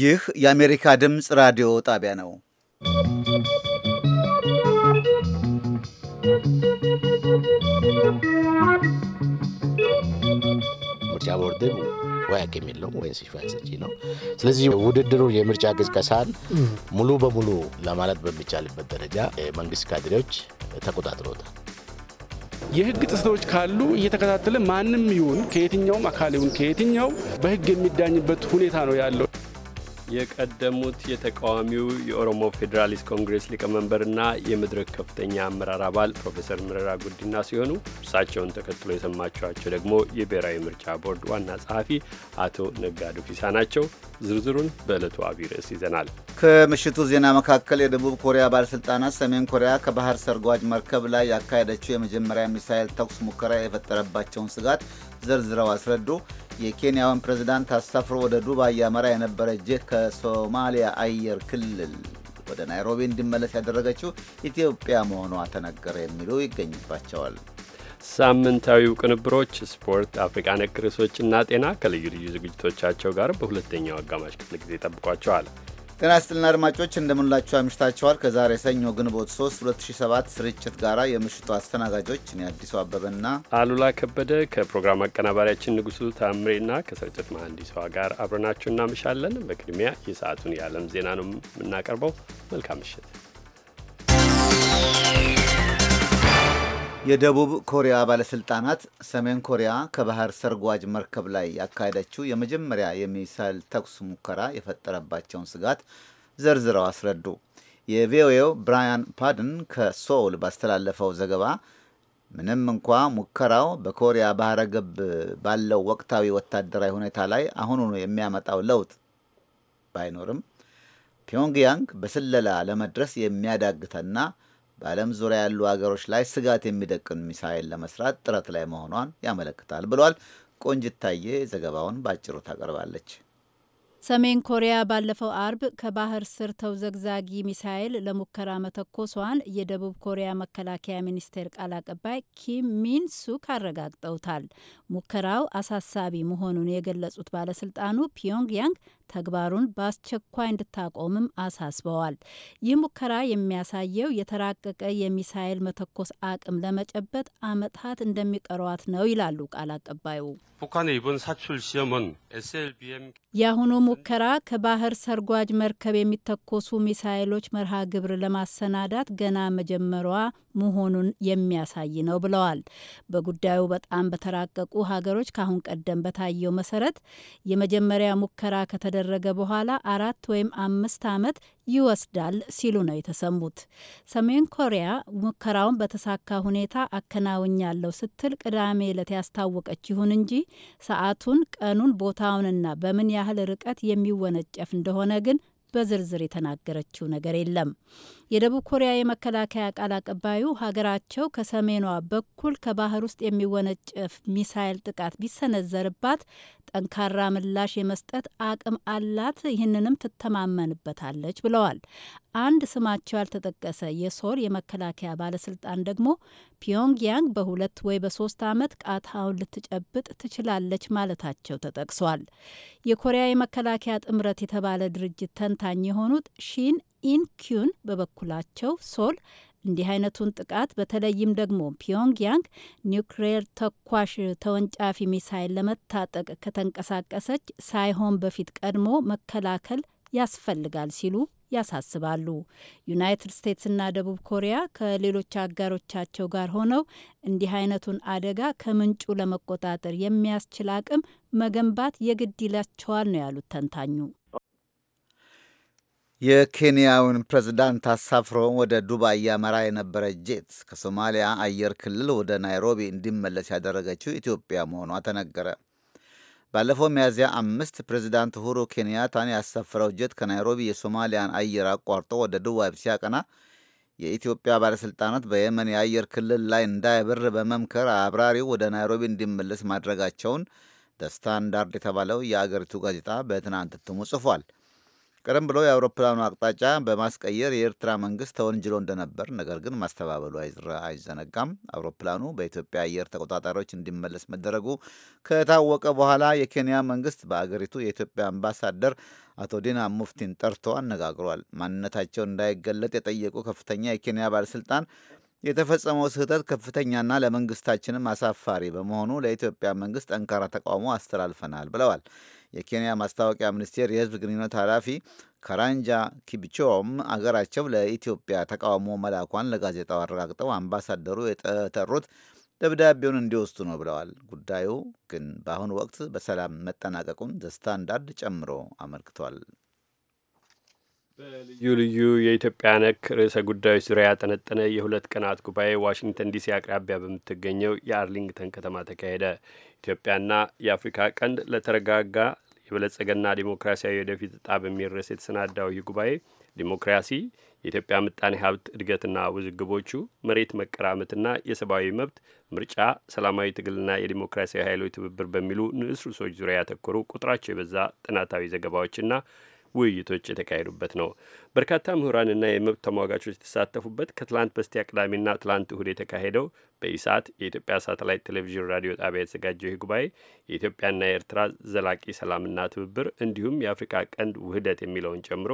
ይህ የአሜሪካ ድምፅ ራዲዮ ጣቢያ ነው። ምርጫ ቦርድም ወይ አቅም የለውም ወይም ነው። ስለዚህ ውድድሩ የምርጫ ቅስቀሳን ሙሉ በሙሉ ለማለት በሚቻልበት ደረጃ የመንግስት ካድሬዎች ተቆጣጥሮታል። የህግ ጥሰቶች ካሉ እየተከታተለ ማንም ይሁን ከየትኛውም አካል ይሁን ከየትኛው በህግ የሚዳኝበት ሁኔታ ነው ያለው። የቀደሙት የተቃዋሚው የኦሮሞ ፌዴራሊስት ኮንግሬስ ሊቀመንበርና የመድረክ ከፍተኛ አመራር አባል ፕሮፌሰር መረራ ጉዲና ሲሆኑ እርሳቸውን ተከትሎ የሰማችኋቸው ደግሞ የብሔራዊ ምርጫ ቦርድ ዋና ጸሐፊ አቶ ነጋዱ ፊሳ ናቸው። ዝርዝሩን በዕለቱ አብይ ርዕስ ይዘናል። ከምሽቱ ዜና መካከል የደቡብ ኮሪያ ባለሥልጣናት ሰሜን ኮሪያ ከባህር ሰርጓጅ መርከብ ላይ ያካሄደችው የመጀመሪያ ሚሳይል ተኩስ ሙከራ የፈጠረባቸውን ስጋት ዘርዝረው አስረዱ። የኬንያውን ፕሬዝዳንት አሳፍሮ ወደ ዱባይ ያመራ የነበረ ጄት ከሶማሊያ አየር ክልል ወደ ናይሮቢ እንዲመለስ ያደረገችው ኢትዮጵያ መሆኗ ተነገረ የሚሉ ይገኝባቸዋል። ሳምንታዊው ቅንብሮች፣ ስፖርት፣ አፍሪቃ ነክ ርዕሶችና ጤና ከልዩ ልዩ ዝግጅቶቻቸው ጋር በሁለተኛው አጋማሽ ክፍለ ጊዜ ጠብቋቸዋል። ጤና ይስጥልና አድማጮች እንደምንላችሁ አምሽታችኋል። ከዛሬ ሰኞ ግንቦት 3 2007 ስርጭት ጋራ የምሽቱ አስተናጋጆች እኔ አዲሱ አበበና አሉላ ከበደ ከፕሮግራም አቀናባሪያችን ንጉሱ ታምሬና ከስርጭት መሐንዲሷ ጋር አብረናችሁ እናምሻለን። በቅድሚያ የሰዓቱን የዓለም ዜና ነው የምናቀርበው። መልካም ምሽት። የደቡብ ኮሪያ ባለስልጣናት ሰሜን ኮሪያ ከባህር ሰርጓጅ መርከብ ላይ ያካሄደችው የመጀመሪያ የሚሳይል ተኩስ ሙከራ የፈጠረባቸውን ስጋት ዘርዝረው አስረዱ። የቪኦኤው ብራያን ፓድን ከሶውል ባስተላለፈው ዘገባ ምንም እንኳ ሙከራው በኮሪያ ባህረ ገብ ባለው ወቅታዊ ወታደራዊ ሁኔታ ላይ አሁኑኑ የሚያመጣው ለውጥ ባይኖርም ፒዮንግያንግ በስለላ ለመድረስ የሚያዳግተና በዓለም ዙሪያ ያሉ አገሮች ላይ ስጋት የሚደቅን ሚሳይል ለመስራት ጥረት ላይ መሆኗን ያመለክታል ብሏል። ቆንጅታየ ዘገባውን በአጭሩ ታቀርባለች። ሰሜን ኮሪያ ባለፈው አርብ ከባህር ስር ተውዘግዛጊ ሚሳይል ለሙከራ መተኮሷን የደቡብ ኮሪያ መከላከያ ሚኒስቴር ቃል አቀባይ ኪም ሚን ሱክ አረጋግጠውታል። ሙከራው አሳሳቢ መሆኑን የገለጹት ባለስልጣኑ ፒዮንግያንግ ተግባሩን በአስቸኳይ እንድታቆምም አሳስበዋል። ይህ ሙከራ የሚያሳየው የተራቀቀ የሚሳይል መተኮስ አቅም ለመጨበጥ አመታት እንደሚቀሯት ነው ይላሉ ቃል አቀባዩ። የአሁኑ ሙከራ ከባህር ሰርጓጅ መርከብ የሚተኮሱ ሚሳይሎች መርሃ ግብር ለማሰናዳት ገና መጀመሯ መሆኑን የሚያሳይ ነው ብለዋል። በጉዳዩ በጣም በተራቀቁ ሀገሮች ከአሁን ቀደም በታየው መሰረት የመጀመሪያ ሙከራ ካደረገ በኋላ አራት ወይም አምስት ዓመት ይወስዳል ሲሉ ነው የተሰሙት። ሰሜን ኮሪያ ሙከራውን በተሳካ ሁኔታ አከናውኛለሁ ስትል ቅዳሜ ዕለት ያስታወቀች። ይሁን እንጂ ሰዓቱን፣ ቀኑን፣ ቦታውንና በምን ያህል ርቀት የሚወነጨፍ እንደሆነ ግን በዝርዝር የተናገረችው ነገር የለም። የደቡብ ኮሪያ የመከላከያ ቃል አቀባዩ ሀገራቸው ከሰሜኗ በኩል ከባህር ውስጥ የሚወነጨፍ ሚሳይል ጥቃት ቢሰነዘርባት ጠንካራ ምላሽ የመስጠት አቅም አላት፣ ይህንንም ትተማመንበታለች ብለዋል። አንድ ስማቸው ያልተጠቀሰ የሶር የመከላከያ ባለስልጣን ደግሞ ፒዮንግያንግ በሁለት ወይ በሶስት ዓመት ቃታውን ልትጨብጥ ትችላለች ማለታቸው ተጠቅሷል። የኮሪያ የመከላከያ ጥምረት የተባለ ድርጅት ተንታኝ የሆኑት ሺን ኢንኪዩን በበኩላቸው ሶል እንዲህ አይነቱን ጥቃት በተለይም ደግሞ ፒዮንግያንግ ኒውክሌር ተኳሽ ተወንጫፊ ሚሳይል ለመታጠቅ ከተንቀሳቀሰች ሳይሆን በፊት ቀድሞ መከላከል ያስፈልጋል ሲሉ ያሳስባሉ። ዩናይትድ ስቴትስና ደቡብ ኮሪያ ከሌሎች አጋሮቻቸው ጋር ሆነው እንዲህ አይነቱን አደጋ ከምንጩ ለመቆጣጠር የሚያስችል አቅም መገንባት የግድ ይላቸዋል ነው ያሉት ተንታኙ። የኬንያውን ፕሬዝዳንት አሳፍሮ ወደ ዱባይ ያመራ የነበረ ጄት ከሶማሊያ አየር ክልል ወደ ናይሮቢ እንዲመለስ ያደረገችው ኢትዮጵያ መሆኗ ተነገረ። ባለፈው ሚያዝያ አምስት ፕሬዝዳንት ሁሩ ኬንያታን ያሳፈረው ጄት ከናይሮቢ የሶማሊያን አየር አቋርጦ ወደ ዱባይ ሲያቀና የኢትዮጵያ ባለሥልጣናት በየመን የአየር ክልል ላይ እንዳይበር በመምከር አብራሪው ወደ ናይሮቢ እንዲመለስ ማድረጋቸውን ደስታንዳርድ የተባለው የአገሪቱ ጋዜጣ በትናንት እትሙ ጽፏል። ቀደም ብሎ የአውሮፕላኑ አቅጣጫ በማስቀየር የኤርትራ መንግስት ተወንጅሎ እንደነበር፣ ነገር ግን ማስተባበሉ አይዘነጋም። አውሮፕላኑ በኢትዮጵያ አየር ተቆጣጣሪዎች እንዲመለስ መደረጉ ከታወቀ በኋላ የኬንያ መንግስት በአገሪቱ የኢትዮጵያ አምባሳደር አቶ ዲና ሙፍቲን ጠርቶ አነጋግሯል። ማንነታቸው እንዳይገለጥ የጠየቁ ከፍተኛ የኬንያ ባለስልጣን የተፈጸመው ስህተት ከፍተኛና ለመንግስታችንም አሳፋሪ በመሆኑ ለኢትዮጵያ መንግስት ጠንካራ ተቃውሞ አስተላልፈናል ብለዋል። የኬንያ ማስታወቂያ ሚኒስቴር የህዝብ ግንኙነት ኃላፊ ከራንጃ ኪብቾም አገራቸው ለኢትዮጵያ ተቃውሞ መላኳን ለጋዜጣው አረጋግጠው አምባሳደሩ የተጠሩት ደብዳቤውን እንዲወስዱ ነው ብለዋል። ጉዳዩ ግን በአሁኑ ወቅት በሰላም መጠናቀቁን ዘ ስታንዳርድ ጨምሮ አመልክቷል። በልዩ ልዩ የኢትዮጵያ ነክ ርዕሰ ጉዳዮች ዙሪያ ያጠነጠነ የሁለት ቀናት ጉባኤ ዋሽንግተን ዲሲ አቅራቢያ በምትገኘው የአርሊንግተን ከተማ ተካሄደ። ኢትዮጵያና የአፍሪካ ቀንድ ለተረጋጋ የበለጸገና ዲሞክራሲያዊ ወደፊት እጣ በሚል ርዕስ የተሰናዳው ይህ ጉባኤ ዲሞክራሲ፣ የኢትዮጵያ ምጣኔ ሀብት እድገትና ውዝግቦቹ፣ መሬት መቀራመትና የሰብአዊ መብት፣ ምርጫ፣ ሰላማዊ ትግልና የዲሞክራሲያዊ ኃይሎች ትብብር በሚሉ ንዑስ ርዕሶች ዙሪያ ያተኮሩ ቁጥራቸው የበዛ ጥናታዊ ዘገባዎችና ውይይቶች የተካሄዱበት ነው። በርካታ ምሁራንና የመብት ተሟጋቾች የተሳተፉበት ከትላንት በስቲያ ቅዳሜና ትላንት እሁድ የተካሄደው በኢሳት የኢትዮጵያ ሳተላይት ቴሌቪዥን ራዲዮ ጣቢያ የተዘጋጀው ይህ ጉባኤ የኢትዮጵያና የኤርትራ ዘላቂ ሰላምና ትብብር እንዲሁም የአፍሪካ ቀንድ ውህደት የሚለውን ጨምሮ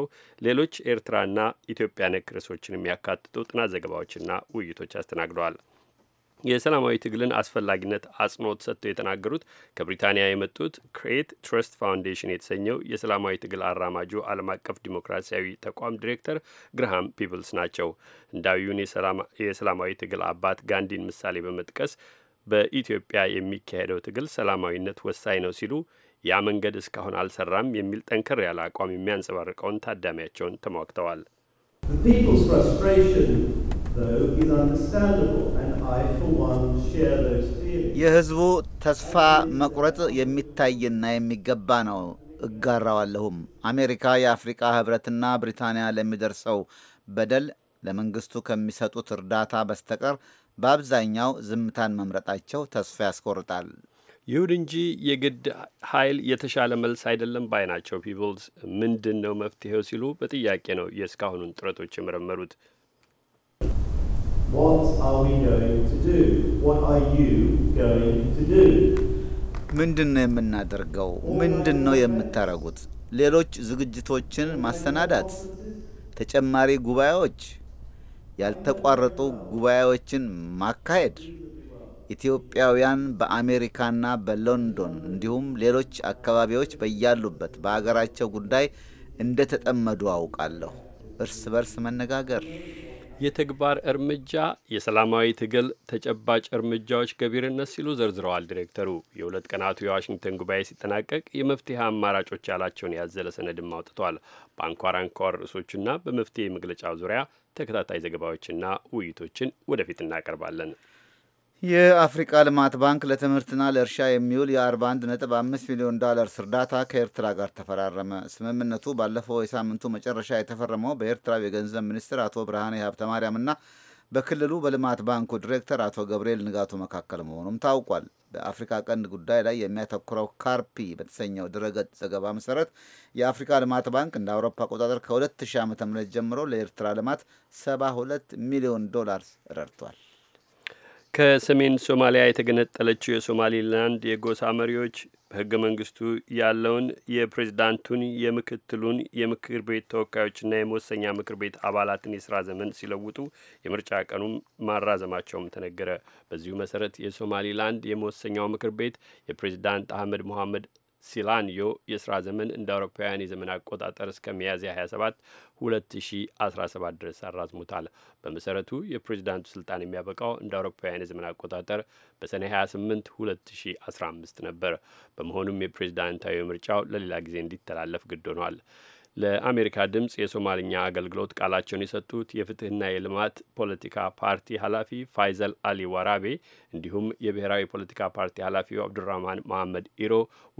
ሌሎች ኤርትራና ኢትዮጵያ ነክ ርዕሶችን የሚያካትቱ ጥናት ዘገባዎችና ውይይቶች አስተናግደዋል። የሰላማዊ ትግልን አስፈላጊነት አጽንኦት ሰጥተው የተናገሩት ከብሪታንያ የመጡት ክሬት ትረስት ፋውንዴሽን የተሰኘው የሰላማዊ ትግል አራማጁ ዓለም አቀፍ ዲሞክራሲያዊ ተቋም ዲሬክተር ግርሃም ፒብልስ ናቸው። ህንዳዊውን የሰላማዊ ትግል አባት ጋንዲን ምሳሌ በመጥቀስ በኢትዮጵያ የሚካሄደው ትግል ሰላማዊነት ወሳኝ ነው ሲሉ ያ መንገድ እስካሁን አልሰራም የሚል ጠንከር ያለ አቋም የሚያንጸባርቀውን ታዳሚያቸውን ተሟግተዋል። የህዝቡ ተስፋ መቁረጥ የሚታይና የሚገባ ነው። እጋራዋለሁም። አሜሪካ የአፍሪቃ ህብረትና ብሪታንያ ለሚደርሰው በደል ለመንግስቱ ከሚሰጡት እርዳታ በስተቀር በአብዛኛው ዝምታን መምረጣቸው ተስፋ ያስቆርጣል። ይሁን እንጂ የግድ ኃይል የተሻለ መልስ አይደለም ባይ ናቸው። ፒፕልስ ምንድን ነው መፍትሄው ሲሉ በጥያቄ ነው የእስካሁኑን ጥረቶች የመረመሩት። ምንድን ነው የምናደርገው? ምንድን ነው የምታረጉት? ሌሎች ዝግጅቶችን ማሰናዳት፣ ተጨማሪ ጉባኤዎች፣ ያልተቋረጡ ጉባኤዎችን ማካሄድ፣ ኢትዮጵያውያን በአሜሪካና በሎንዶን እንዲሁም ሌሎች አካባቢዎች በያሉበት በአገራቸው ጉዳይ እንደተጠመዱ አውቃለሁ። እርስ በርስ መነጋገር የተግባር እርምጃ የሰላማዊ ትግል ተጨባጭ እርምጃዎች ገቢርነት ሲሉ ዘርዝረዋል ዲሬክተሩ። የሁለት ቀናቱ የዋሽንግተን ጉባኤ ሲጠናቀቅ የመፍትሄ አማራጮች ያላቸውን ያዘለ ሰነድም አውጥቷል። በአንኳር አንኳር ርዕሶቹና በመፍትሄ መግለጫ ዙሪያ ተከታታይ ዘገባዎችና ውይይቶችን ወደፊት እናቀርባለን። የአፍሪቃ ልማት ባንክ ለትምህርትና ለእርሻ የሚውል የ41.5 ሚሊዮን ዶላርስ እርዳታ ከኤርትራ ጋር ተፈራረመ። ስምምነቱ ባለፈው የሳምንቱ መጨረሻ የተፈረመው በኤርትራው የገንዘብ ሚኒስትር አቶ ብርሃኔ እና በክልሉ በልማት ባንኩ ዲሬክተር አቶ ገብርኤል ንጋቱ መካከል መሆኑም ታውቋል። በአፍሪካ ቀንድ ጉዳይ ላይ የሚያተኩረው ካርፒ በተሰኘው ድረገጽ ዘገባ መሰረት የአፍሪካ ልማት ባንክ እንደ አውሮፓ አቆጣጠር ከ2000 ዓ ም ጀምሮ ለኤርትራ ልማት 72 ሚሊዮን ዶላር ረድቷል። ከሰሜን ሶማሊያ የተገነጠለችው የሶማሊላንድ የጎሳ መሪዎች በህገ መንግስቱ ያለውን የፕሬዝዳንቱን የምክትሉን የምክር ቤት ተወካዮችና የመወሰኛ ምክር ቤት አባላትን የስራ ዘመን ሲለውጡ የምርጫ ቀኑም ማራዘማቸውም ተነገረ። በዚሁ መሰረት የሶማሊላንድ የመወሰኛው ምክር ቤት የፕሬዝዳንት አህመድ ሞሐመድ ሲላንዮ የስራ ዘመን እንደ አውሮፓውያን የዘመን አቆጣጠር እስከ ሚያዝያ 27 2017 ድረስ አራዝሙታል። በመሰረቱ የፕሬዚዳንቱ ስልጣን የሚያበቃው እንደ አውሮፓውያን የዘመን አቆጣጠር በሰኔ 28 2015 ነበር። በመሆኑም የፕሬዚዳንታዊ ምርጫው ለሌላ ጊዜ እንዲተላለፍ ግድ ሆኗል። ለአሜሪካ ድምፅ የሶማልኛ አገልግሎት ቃላቸውን የሰጡት የፍትህና የልማት ፖለቲካ ፓርቲ ኃላፊ ፋይዘል አሊ ዋራቤ እንዲሁም የብሔራዊ ፖለቲካ ፓርቲ ኃላፊው አብዱራህማን መሐመድ ኢሮ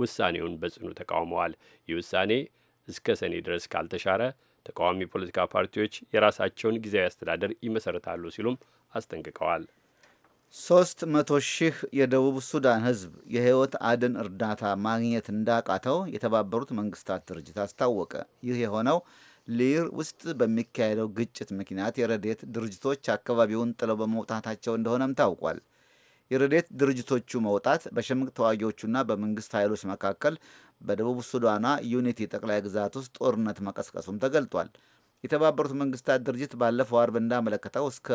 ውሳኔውን በጽኑ ተቃውመዋል። ይህ ውሳኔ እስከ ሰኔ ድረስ ካልተሻረ ተቃዋሚ ፖለቲካ ፓርቲዎች የራሳቸውን ጊዜያዊ አስተዳደር ይመሰረታሉ ሲሉም አስጠንቅቀዋል። ሶስት መቶ ሺህ የደቡብ ሱዳን ህዝብ የህይወት አድን እርዳታ ማግኘት እንዳቃተው የተባበሩት መንግስታት ድርጅት አስታወቀ። ይህ የሆነው ሊር ውስጥ በሚካሄደው ግጭት ምክንያት የረዴት ድርጅቶች አካባቢውን ጥለው በመውጣታቸው እንደሆነም ታውቋል። የረዴት ድርጅቶቹ መውጣት በሽምቅ ተዋጊዎቹና በመንግስት ኃይሎች መካከል በደቡብ ሱዳኗ ዩኒቲ ጠቅላይ ግዛት ውስጥ ጦርነት መቀስቀሱም ተገልጧል። የተባበሩት መንግስታት ድርጅት ባለፈው አርብ እንዳመለከተው እስከ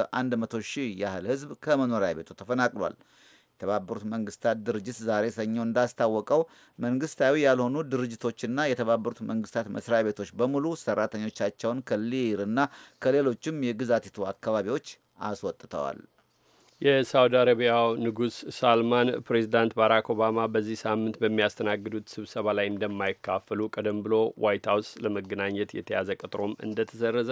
100 ሺህ ያህል ህዝብ ከመኖሪያ ቤቱ ተፈናቅሏል። የተባበሩት መንግስታት ድርጅት ዛሬ ሰኞ እንዳስታወቀው መንግስታዊ ያልሆኑ ድርጅቶችና የተባበሩት መንግስታት መስሪያ ቤቶች በሙሉ ሰራተኞቻቸውን ከሊርና ከሌሎችም የግዛቲቱ አካባቢዎች አስወጥተዋል። የሳውዲ አረቢያው ንጉስ ሳልማን ፕሬዚዳንት ባራክ ኦባማ በዚህ ሳምንት በሚያስተናግዱት ስብሰባ ላይ እንደማይካፈሉ ቀደም ብሎ ዋይት ሀውስ ለመገናኘት የተያዘ ቀጥሮም እንደተሰረዘ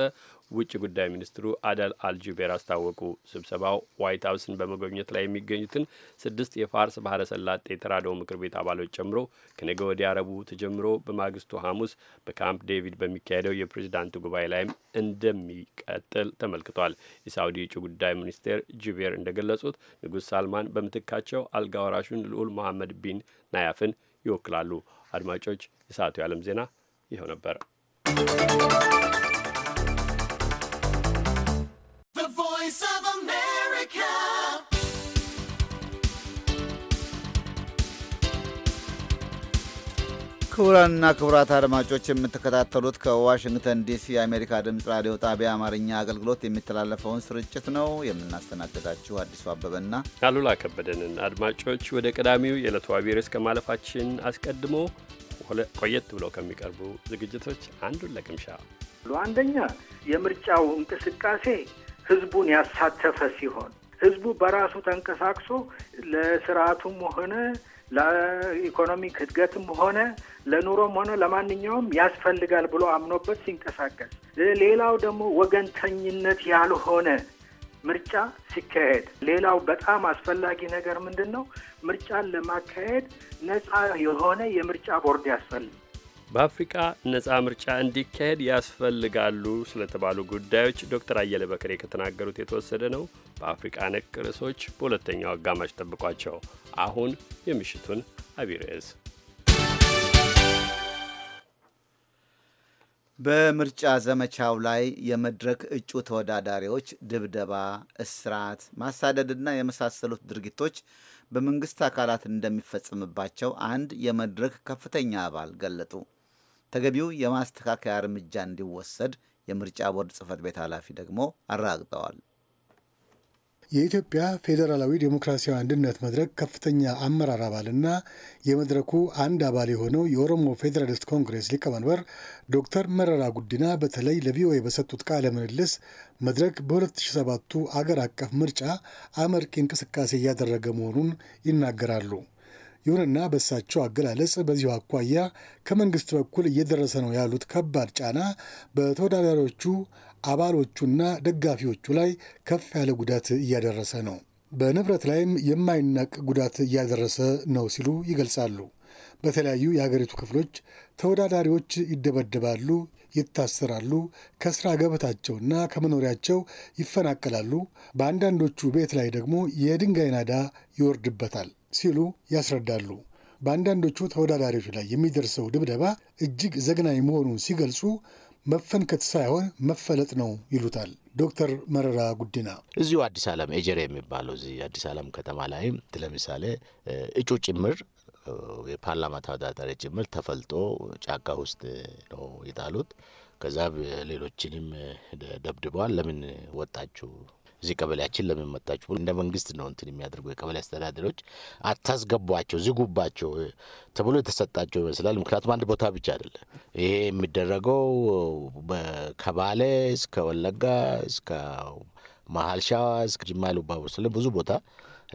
ውጭ ጉዳይ ሚኒስትሩ አደል አልጁቤር አስታወቁ። ስብሰባው ዋይት ሀውስን በመጎብኘት ላይ የሚገኙትን ስድስት የፋርስ ባህረ ሰላጤ የተራድኦ ምክር ቤት አባሎች ጨምሮ ከነገ ወዲያ ረቡዕ ተጀምሮ በማግስቱ ሐሙስ በካምፕ ዴቪድ በሚካሄደው የፕሬዚዳንቱ ጉባኤ ላይም እንደሚቀጥል ተመልክቷል። የሳውዲ ውጭ ጉዳይ ሚኒስቴር ጁቤር እንደ እንደገለጹት ንጉሥ ሳልማን በምትካቸው አልጋ ወራሹን ልዑል መሐመድ ቢን ናያፍን ይወክላሉ። አድማጮች፣ የሰዓቱ የዓለም ዜና ይኸው ነበር። ክቡራንና ክቡራት አድማጮች የምትከታተሉት ከዋሽንግተን ዲሲ የአሜሪካ ድምፅ ራዲዮ ጣቢያ አማርኛ አገልግሎት የሚተላለፈውን ስርጭት ነው። የምናስተናግዳችሁ አዲሱ አበበና አሉላ ከበደንን። አድማጮች ወደ ቀዳሚው የዕለቱ ቢርስ ከማለፋችን አስቀድሞ ቆየት ብለው ከሚቀርቡ ዝግጅቶች አንዱን ለቅምሻ አንደኛ የምርጫው እንቅስቃሴ ህዝቡን ያሳተፈ ሲሆን ህዝቡ በራሱ ተንቀሳቅሶ ለስርዓቱም ሆነ ለኢኮኖሚክ እድገትም ሆነ ለኑሮም ሆነ ለማንኛውም ያስፈልጋል ብሎ አምኖበት ሲንቀሳቀስ፣ ሌላው ደግሞ ወገንተኝነት ያልሆነ ምርጫ ሲካሄድ፣ ሌላው በጣም አስፈላጊ ነገር ምንድን ነው? ምርጫን ለማካሄድ ነፃ የሆነ የምርጫ ቦርድ ያስፈልግ በአፍሪቃ ነጻ ምርጫ እንዲካሄድ ያስፈልጋሉ ስለተባሉ ጉዳዮች ዶክተር አየለ በከሬ ከተናገሩት የተወሰደ ነው። በአፍሪቃ ነክ ርዕሶች በሁለተኛው አጋማሽ ጠብቋቸው። አሁን የምሽቱን አቢይ ርዕስ በምርጫ ዘመቻው ላይ የመድረክ እጩ ተወዳዳሪዎች ድብደባ፣ እስራት፣ ማሳደድና የመሳሰሉት ድርጊቶች በመንግስት አካላት እንደሚፈጸምባቸው አንድ የመድረክ ከፍተኛ አባል ገለጡ። ተገቢው የማስተካከያ እርምጃ እንዲወሰድ የምርጫ ቦርድ ጽህፈት ቤት ኃላፊ ደግሞ አረጋግጠዋል። የኢትዮጵያ ፌዴራላዊ ዴሞክራሲያዊ አንድነት መድረክ ከፍተኛ አመራር አባልና የመድረኩ አንድ አባል የሆነው የኦሮሞ ፌዴራሊስት ኮንግሬስ ሊቀመንበር ዶክተር መረራ ጉዲና በተለይ ለቪኦኤ በሰጡት ቃለ ምልልስ መድረክ በ2007ቱ አገር አቀፍ ምርጫ አመርቂ እንቅስቃሴ እያደረገ መሆኑን ይናገራሉ። ይሁንና በእሳቸው አገላለጽ በዚሁ አኳያ ከመንግስት በኩል እየደረሰ ነው ያሉት ከባድ ጫና በተወዳዳሪዎቹ አባሎቹና ደጋፊዎቹ ላይ ከፍ ያለ ጉዳት እያደረሰ ነው። በንብረት ላይም የማይናቅ ጉዳት እያደረሰ ነው ሲሉ ይገልጻሉ። በተለያዩ የሀገሪቱ ክፍሎች ተወዳዳሪዎች ይደበደባሉ፣ ይታሰራሉ፣ ከስራ ገበታቸውና ከመኖሪያቸው ይፈናቀላሉ፣ በአንዳንዶቹ ቤት ላይ ደግሞ የድንጋይ ናዳ ይወርድበታል ሲሉ ያስረዳሉ። በአንዳንዶቹ ተወዳዳሪዎች ላይ የሚደርሰው ድብደባ እጅግ ዘግናኝ መሆኑን ሲገልጹ መፈንከት ሳይሆን መፈለጥ ነው ይሉታል ዶክተር መረራ ጉዲና። እዚሁ አዲስ ዓለም ኤጀሬ የሚባለው እዚህ አዲስ ዓለም ከተማ ላይ ለምሳሌ እጩ ጭምር የፓርላማ ተወዳዳሪ ጭምር ተፈልጦ ጫካ ውስጥ ነው የጣሉት። ከዛ ሌሎችንም ደብድበዋል። ለምን ወጣችሁ እዚህ ቀበሌያችን ለምን መጣችሁ? እንደ መንግስት ነው እንትን የሚያደርጉ የቀበሌ አስተዳደሮች አታስገቧቸው፣ ዝጉባቸው ተብሎ የተሰጣቸው ይመስላል። ምክንያቱም አንድ ቦታ ብቻ አይደለም ይሄ የሚደረገው፣ ከባሌ እስከ ወለጋ እስከ መሀል ሸዋ እስከ ጅማ ኢሉባቡር ስለ ብዙ ቦታ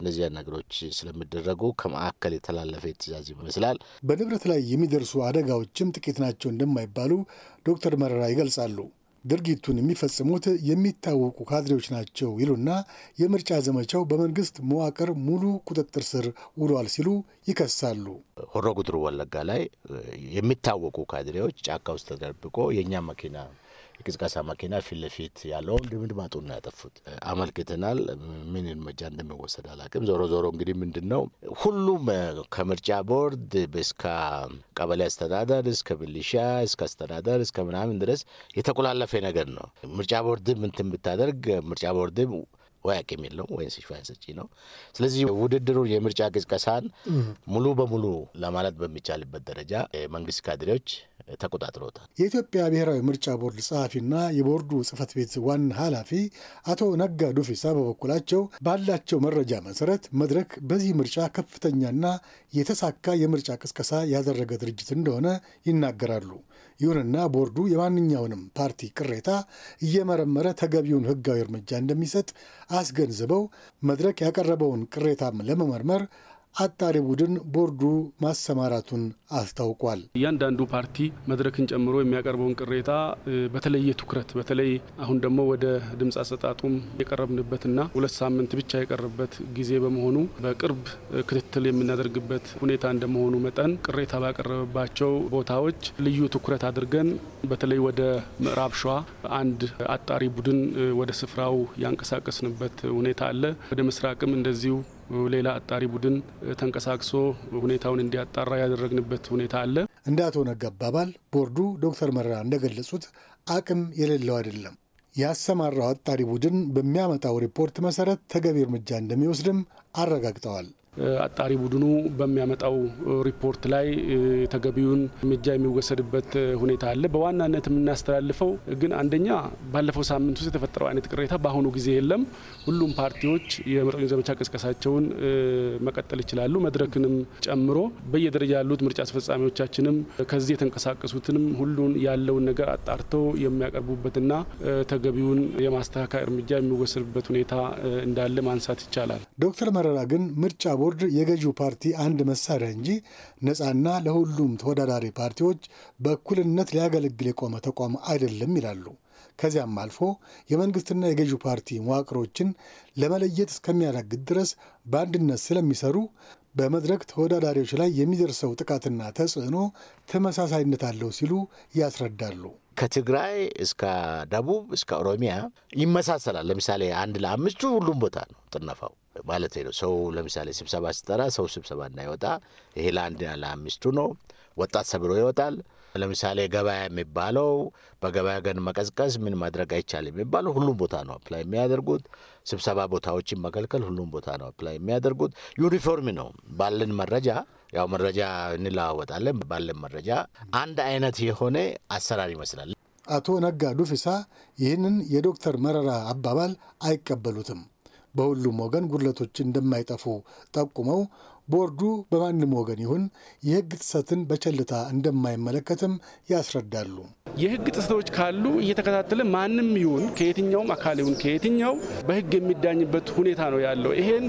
እነዚያ ነገሮች ስለሚደረጉ ከማዕከል የተላለፈ ትእዛዝ ይመስላል። በንብረት ላይ የሚደርሱ አደጋዎችም ጥቂት ናቸው እንደማይባሉ ዶክተር መረራ ይገልጻሉ። ድርጊቱን የሚፈጽሙት የሚታወቁ ካድሬዎች ናቸው ይሉና የምርጫ ዘመቻው በመንግስት መዋቅር ሙሉ ቁጥጥር ስር ውሏል ሲሉ ይከሳሉ። ሆሮ ጉድሩ ወለጋ ላይ የሚታወቁ ካድሬዎች ጫካ ውስጥ ተደብቆ የእኛ መኪና የቅስቀሳ መኪና ፊት ለፊት ያለውን ድምድማጡን ነው ያጠፉት። አመልክተናል። ምን እርምጃ እንደሚወሰድ አላቅም። ዞሮ ዞሮ እንግዲህ ምንድን ነው ሁሉም ከምርጫ ቦርድ እስከ ቀበሌ አስተዳደር እስከ ሚሊሻ እስከ አስተዳደር እስከ ምናምን ድረስ የተቆላለፈ ነገር ነው። ምርጫ ቦርድም እንትን ብታደርግ ምርጫ ቦርድም ወይ አቅም የለውም ወይም ሽፋን ሰጪ ነው። ስለዚህ ውድድሩ የምርጫ ቅስቀሳን ሙሉ በሙሉ ለማለት በሚቻልበት ደረጃ የመንግስት ካድሬዎች ተቆጣጥሮታል። የኢትዮጵያ ብሔራዊ ምርጫ ቦርድ ጸሐፊና የቦርዱ ጽህፈት ቤት ዋና ኃላፊ አቶ ነጋ ዱፊሳ በበኩላቸው ባላቸው መረጃ መሰረት መድረክ በዚህ ምርጫ ከፍተኛና የተሳካ የምርጫ ቅስቀሳ ያደረገ ድርጅት እንደሆነ ይናገራሉ። ይሁንና ቦርዱ የማንኛውንም ፓርቲ ቅሬታ እየመረመረ ተገቢውን ህጋዊ እርምጃ እንደሚሰጥ አስገንዝበው መድረክ ያቀረበውን ቅሬታም ለመመርመር አጣሪ ቡድን ቦርዱ ማሰማራቱን አስታውቋል። እያንዳንዱ ፓርቲ መድረክን ጨምሮ የሚያቀርበውን ቅሬታ በተለየ ትኩረት በተለይ አሁን ደግሞ ወደ ድምፅ አሰጣጡም የቀረብንበትና ሁለት ሳምንት ብቻ የቀረብበት ጊዜ በመሆኑ በቅርብ ክትትል የምናደርግበት ሁኔታ እንደመሆኑ መጠን ቅሬታ ባቀረበባቸው ቦታዎች ልዩ ትኩረት አድርገን በተለይ ወደ ምዕራብ ሸዋ አንድ አጣሪ ቡድን ወደ ስፍራው ያንቀሳቀስንበት ሁኔታ አለ። ወደ ምስራቅም እንደዚሁ ሌላ አጣሪ ቡድን ተንቀሳቅሶ ሁኔታውን እንዲያጣራ ያደረግንበት ሁኔታ አለ። እንደ አቶ ነጋ አባባል ቦርዱ ዶክተር መረራ እንደገለጹት አቅም የሌለው አይደለም። ያሰማራው አጣሪ ቡድን በሚያመጣው ሪፖርት መሰረት ተገቢ እርምጃ እንደሚወስድም አረጋግጠዋል። አጣሪ ቡድኑ በሚያመጣው ሪፖርት ላይ ተገቢውን እርምጃ የሚወሰድበት ሁኔታ አለ። በዋናነት የምናስተላልፈው ግን አንደኛ ባለፈው ሳምንት ውስጥ የተፈጠረው አይነት ቅሬታ በአሁኑ ጊዜ የለም። ሁሉም ፓርቲዎች የምርጫ ዘመቻ ቅስቀሳቸውን መቀጠል ይችላሉ፣ መድረክንም ጨምሮ በየደረጃ ያሉት ምርጫ አስፈጻሚዎቻችንም ከዚህ የተንቀሳቀሱትንም ሁሉን ያለውን ነገር አጣርተው የሚያቀርቡበትና ተገቢውን የማስተካከያ እርምጃ የሚወሰድበት ሁኔታ እንዳለ ማንሳት ይቻላል። ዶክተር መረራ ግን ምርጫ ቦርድ የገዢው ፓርቲ አንድ መሳሪያ እንጂ ነፃና ለሁሉም ተወዳዳሪ ፓርቲዎች በእኩልነት ሊያገለግል የቆመ ተቋም አይደለም ይላሉ። ከዚያም አልፎ የመንግስትና የገዢው ፓርቲ መዋቅሮችን ለመለየት እስከሚያዳግድ ድረስ በአንድነት ስለሚሰሩ በመድረክ ተወዳዳሪዎች ላይ የሚደርሰው ጥቃትና ተጽዕኖ ተመሳሳይነት አለው ሲሉ ያስረዳሉ። ከትግራይ እስከ ደቡብ እስከ ኦሮሚያ ይመሳሰላል። ለምሳሌ አንድ ለአምስቱ ሁሉም ቦታ ነው ጥነፋው ማለት ነው። ሰው ለምሳሌ ስብሰባ ሲጠራ ሰው ስብሰባ እንዳይወጣ ይሄ ለአንድ ለአምስቱ ነው። ወጣት ሰብሮ ይወጣል። ለምሳሌ ገበያ የሚባለው በገበያ ገን መቀዝቀዝ ምን ማድረግ አይቻል የሚባለው ሁሉም ቦታ ነው አፕላይ የሚያደርጉት። ስብሰባ ቦታዎችን መከልከል ሁሉም ቦታ ነው አፕላይ የሚያደርጉት። ዩኒፎርም ነው ባለን መረጃ ያው መረጃ እንለዋወጣለን። ባለን መረጃ አንድ አይነት የሆነ አሰራር ይመስላል። አቶ ነጋ ዱፊሳ ይህንን የዶክተር መረራ አባባል አይቀበሉትም። በሁሉም ወገን ጉድለቶች እንደማይጠፉ ጠቁመው ቦርዱ በማንም ወገን ይሁን የህግ ጥሰትን በቸልታ እንደማይመለከትም ያስረዳሉ። የህግ ጥሰቶች ካሉ እየተከታተለ ማንም ይሁን ከየትኛውም አካል ይሁን ከየትኛው በህግ የሚዳኝበት ሁኔታ ነው ያለው። ይሄን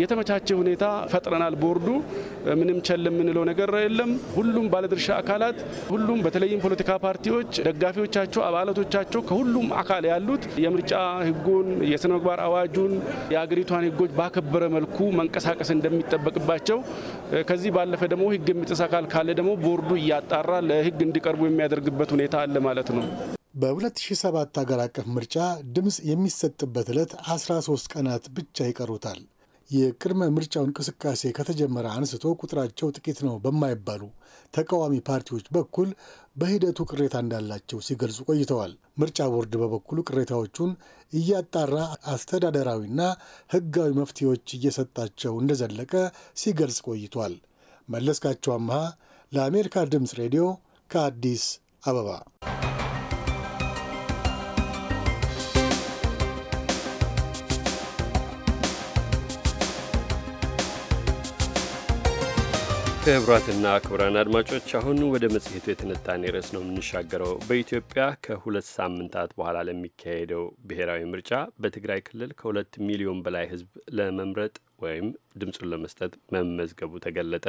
የተመቻቸ ሁኔታ ፈጥረናል። ቦርዱ ምንም ቸል የምንለው ነገር የለም። ሁሉም ባለድርሻ አካላት፣ ሁሉም በተለይም ፖለቲካ ፓርቲዎች፣ ደጋፊዎቻቸው፣ አባላቶቻቸው ከሁሉም አካል ያሉት የምርጫ ህጉን የስነ ምግባር አዋጁን የአገሪቷን ህጎች ባከበረ መልኩ መንቀሳቀስ እንደሚጠበቅባቸው ናቸው። ከዚህ ባለፈ ደግሞ ህግ የሚጥስ አካል ካለ ደግሞ ቦርዱ እያጣራ ለህግ እንዲቀርቡ የሚያደርግበት ሁኔታ አለ ማለት ነው። በ2007 ሀገር አቀፍ ምርጫ ድምፅ የሚሰጥበት ዕለት 13 ቀናት ብቻ ይቀሩታል። የቅድመ ምርጫው እንቅስቃሴ ከተጀመረ አንስቶ ቁጥራቸው ጥቂት ነው በማይባሉ ተቃዋሚ ፓርቲዎች በኩል በሂደቱ ቅሬታ እንዳላቸው ሲገልጹ ቆይተዋል። ምርጫ ቦርድ በበኩሉ ቅሬታዎቹን እያጣራ አስተዳደራዊና ሕጋዊ መፍትሄዎች እየሰጣቸው እንደዘለቀ ሲገልጽ ቆይቷል። መለስካቸው አምሃ ለአሜሪካ ድምፅ ሬዲዮ ከአዲስ አበባ ክቡራትና ክቡራን አድማጮች አሁን ወደ መጽሔቱ የትንታኔ ርዕስ ነው የምንሻገረው። በኢትዮጵያ ከሁለት ሳምንታት በኋላ ለሚካሄደው ብሔራዊ ምርጫ በትግራይ ክልል ከሁለት ሚሊዮን በላይ ሕዝብ ለመምረጥ ወይም ድምፁን ለመስጠት መመዝገቡ ተገለጠ።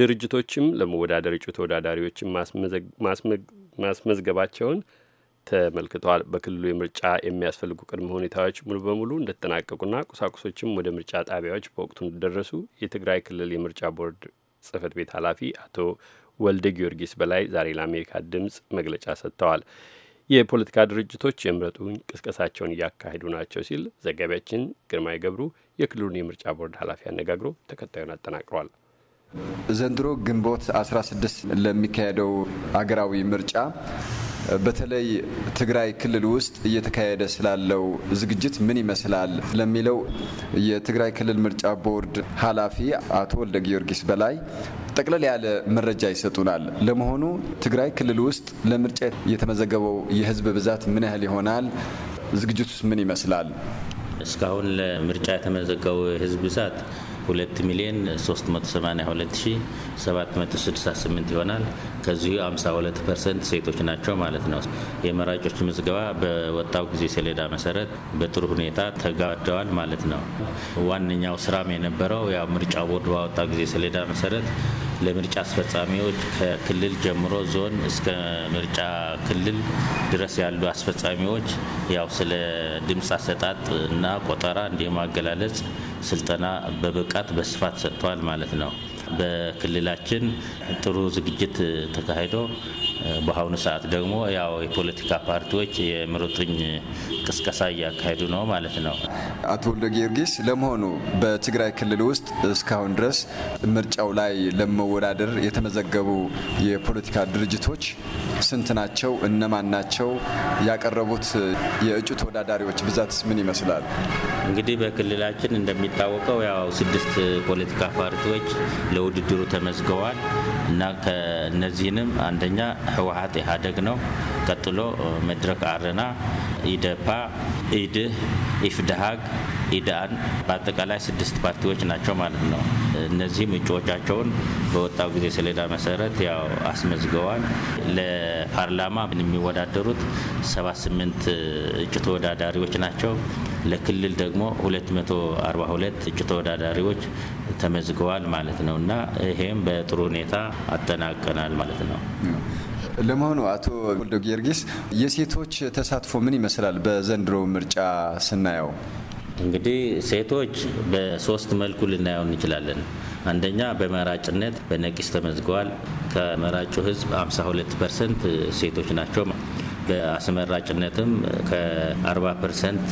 ድርጅቶችም ለመወዳደር እጩ ተወዳዳሪዎችን ማስመዝገባቸውን ተመልክተዋል። በክልሉ የምርጫ የሚያስፈልጉ ቅድመ ሁኔታዎች ሙሉ በሙሉ እንደተጠናቀቁና ቁሳቁሶችም ወደ ምርጫ ጣቢያዎች በወቅቱ እንደደረሱ የትግራይ ክልል የምርጫ ቦርድ ጽህፈት ቤት ኃላፊ አቶ ወልደ ጊዮርጊስ በላይ ዛሬ ለአሜሪካ ድምፅ መግለጫ ሰጥተዋል። የፖለቲካ ድርጅቶች የምረጡን ቅስቀሳቸውን እያካሄዱ ናቸው ሲል ዘጋቢያችን ግርማይ ገብሩ የክልሉን የምርጫ ቦርድ ኃላፊ አነጋግሮ ተከታዩን አጠናቅሯል። ዘንድሮ ግንቦት 16 ለሚካሄደው አገራዊ ምርጫ በተለይ ትግራይ ክልል ውስጥ እየተካሄደ ስላለው ዝግጅት ምን ይመስላል ለሚለው የትግራይ ክልል ምርጫ ቦርድ ኃላፊ አቶ ወልደ ጊዮርጊስ በላይ ጠቅለል ያለ መረጃ ይሰጡናል። ለመሆኑ ትግራይ ክልል ውስጥ ለምርጫ የተመዘገበው የህዝብ ብዛት ምን ያህል ይሆናል? ዝግጅቱስ ምን ይመስላል? እስካሁን ለምርጫ የተመዘገበው የህዝብ ብዛት 2 ሚሊዮን 768 ይሆናል። ከዚሁ 52 ፐርሰንት ሴቶች ናቸው ማለት ነው። የመራጮች ምዝገባ በወጣው ጊዜ ሰሌዳ መሰረት በጥሩ ሁኔታ ተጋደዋል ማለት ነው። ዋነኛው ስራም የነበረው ያው ምርጫ ቦርድ ባወጣው ጊዜ ሰሌዳ መሰረት ለምርጫ አስፈጻሚዎች ከክልል ጀምሮ ዞን እስከ ምርጫ ክልል ድረስ ያሉ አስፈጻሚዎች ያው ስለ ድምፅ አሰጣጥ እና ቆጠራ እንዲሁም አገላለጽ ስልጠና በብቃት በስፋት ሰጥተዋል ማለት ነው። በክልላችን ጥሩ ዝግጅት ተካሂዶ በአሁኑ ሰዓት ደግሞ ያው የፖለቲካ ፓርቲዎች የምረጡኝ ቅስቀሳ እያካሄዱ ነው ማለት ነው። አቶ ወልደ ጊዮርጊስ፣ ለመሆኑ በትግራይ ክልል ውስጥ እስካሁን ድረስ ምርጫው ላይ ለመወዳደር የተመዘገቡ የፖለቲካ ድርጅቶች ስንት ናቸው? እነማን ናቸው? ያቀረቡት የእጩ ተወዳዳሪዎች ብዛትስ ምን ይመስላል? እንግዲህ በክልላችን እንደሚታወቀው ያው ስድስት ፖለቲካ ፓርቲዎች ለውድድሩ ተመዝገዋል። እና ከነዚህንም አንደኛ ህወሀት ኢህአዴግ ነው። ቀጥሎ መድረክ አረና፣ ኢደፓ፣ ኢድህ፣ ኢፍድሀግ ኢዳን በአጠቃላይ ስድስት ፓርቲዎች ናቸው ማለት ነው። እነዚህም እጩዎቻቸውን በወጣው ጊዜ ሰሌዳ መሰረት ያው አስመዝግበዋል። ለፓርላማ የሚወዳደሩት 78 እጩ ተወዳዳሪዎች ናቸው። ለክልል ደግሞ 242 እጩ ተወዳዳሪዎች ተመዝግበዋል ማለት ነው እና ይሄም በጥሩ ሁኔታ አጠናቀናል ማለት ነው። ለመሆኑ አቶ ወልደ ጊዮርጊስ የሴቶች ተሳትፎ ምን ይመስላል? በዘንድሮ ምርጫ ስናየው እንግዲህ ሴቶች በሶስት መልኩ ልናየው እንችላለን። አንደኛ በመራጭነት በነቂስ ተመዝገዋል። ከመራጩ ህዝብ 52 ፐርሰንት ሴቶች ናቸው። በአስመራጭነትም ከ40 ፐርሰንት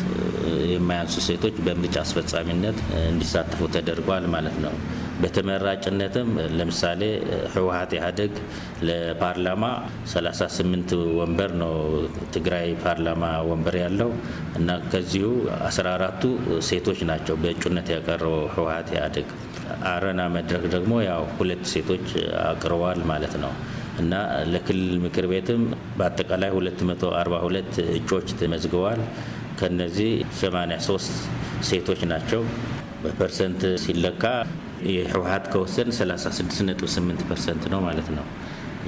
የማያንሱ ሴቶች በምርጫ አስፈጻሚነት እንዲሳተፉ ተደርጓል ማለት ነው። በተመራጭነትም ለምሳሌ ህወሀት ኢህአዴግ ለፓርላማ 38 ወንበር ነው ትግራይ ፓርላማ ወንበር ያለው እና ከዚሁ 14ቱ ሴቶች ናቸው በእጩነት ያቀረበው ህወሀት ኢህአዴግ። አረና መድረክ ደግሞ ያው ሁለት ሴቶች አቅርበዋል ማለት ነው እና ለክልል ምክር ቤትም በአጠቃላይ 242 እጩዎች ተመዝግበዋል። ከነዚህ 83 ሴቶች ናቸው። በፐርሰንት ሲለካ የህወሀት ከወሰን 36.8 ፐርሰንት ነው ማለት ነው።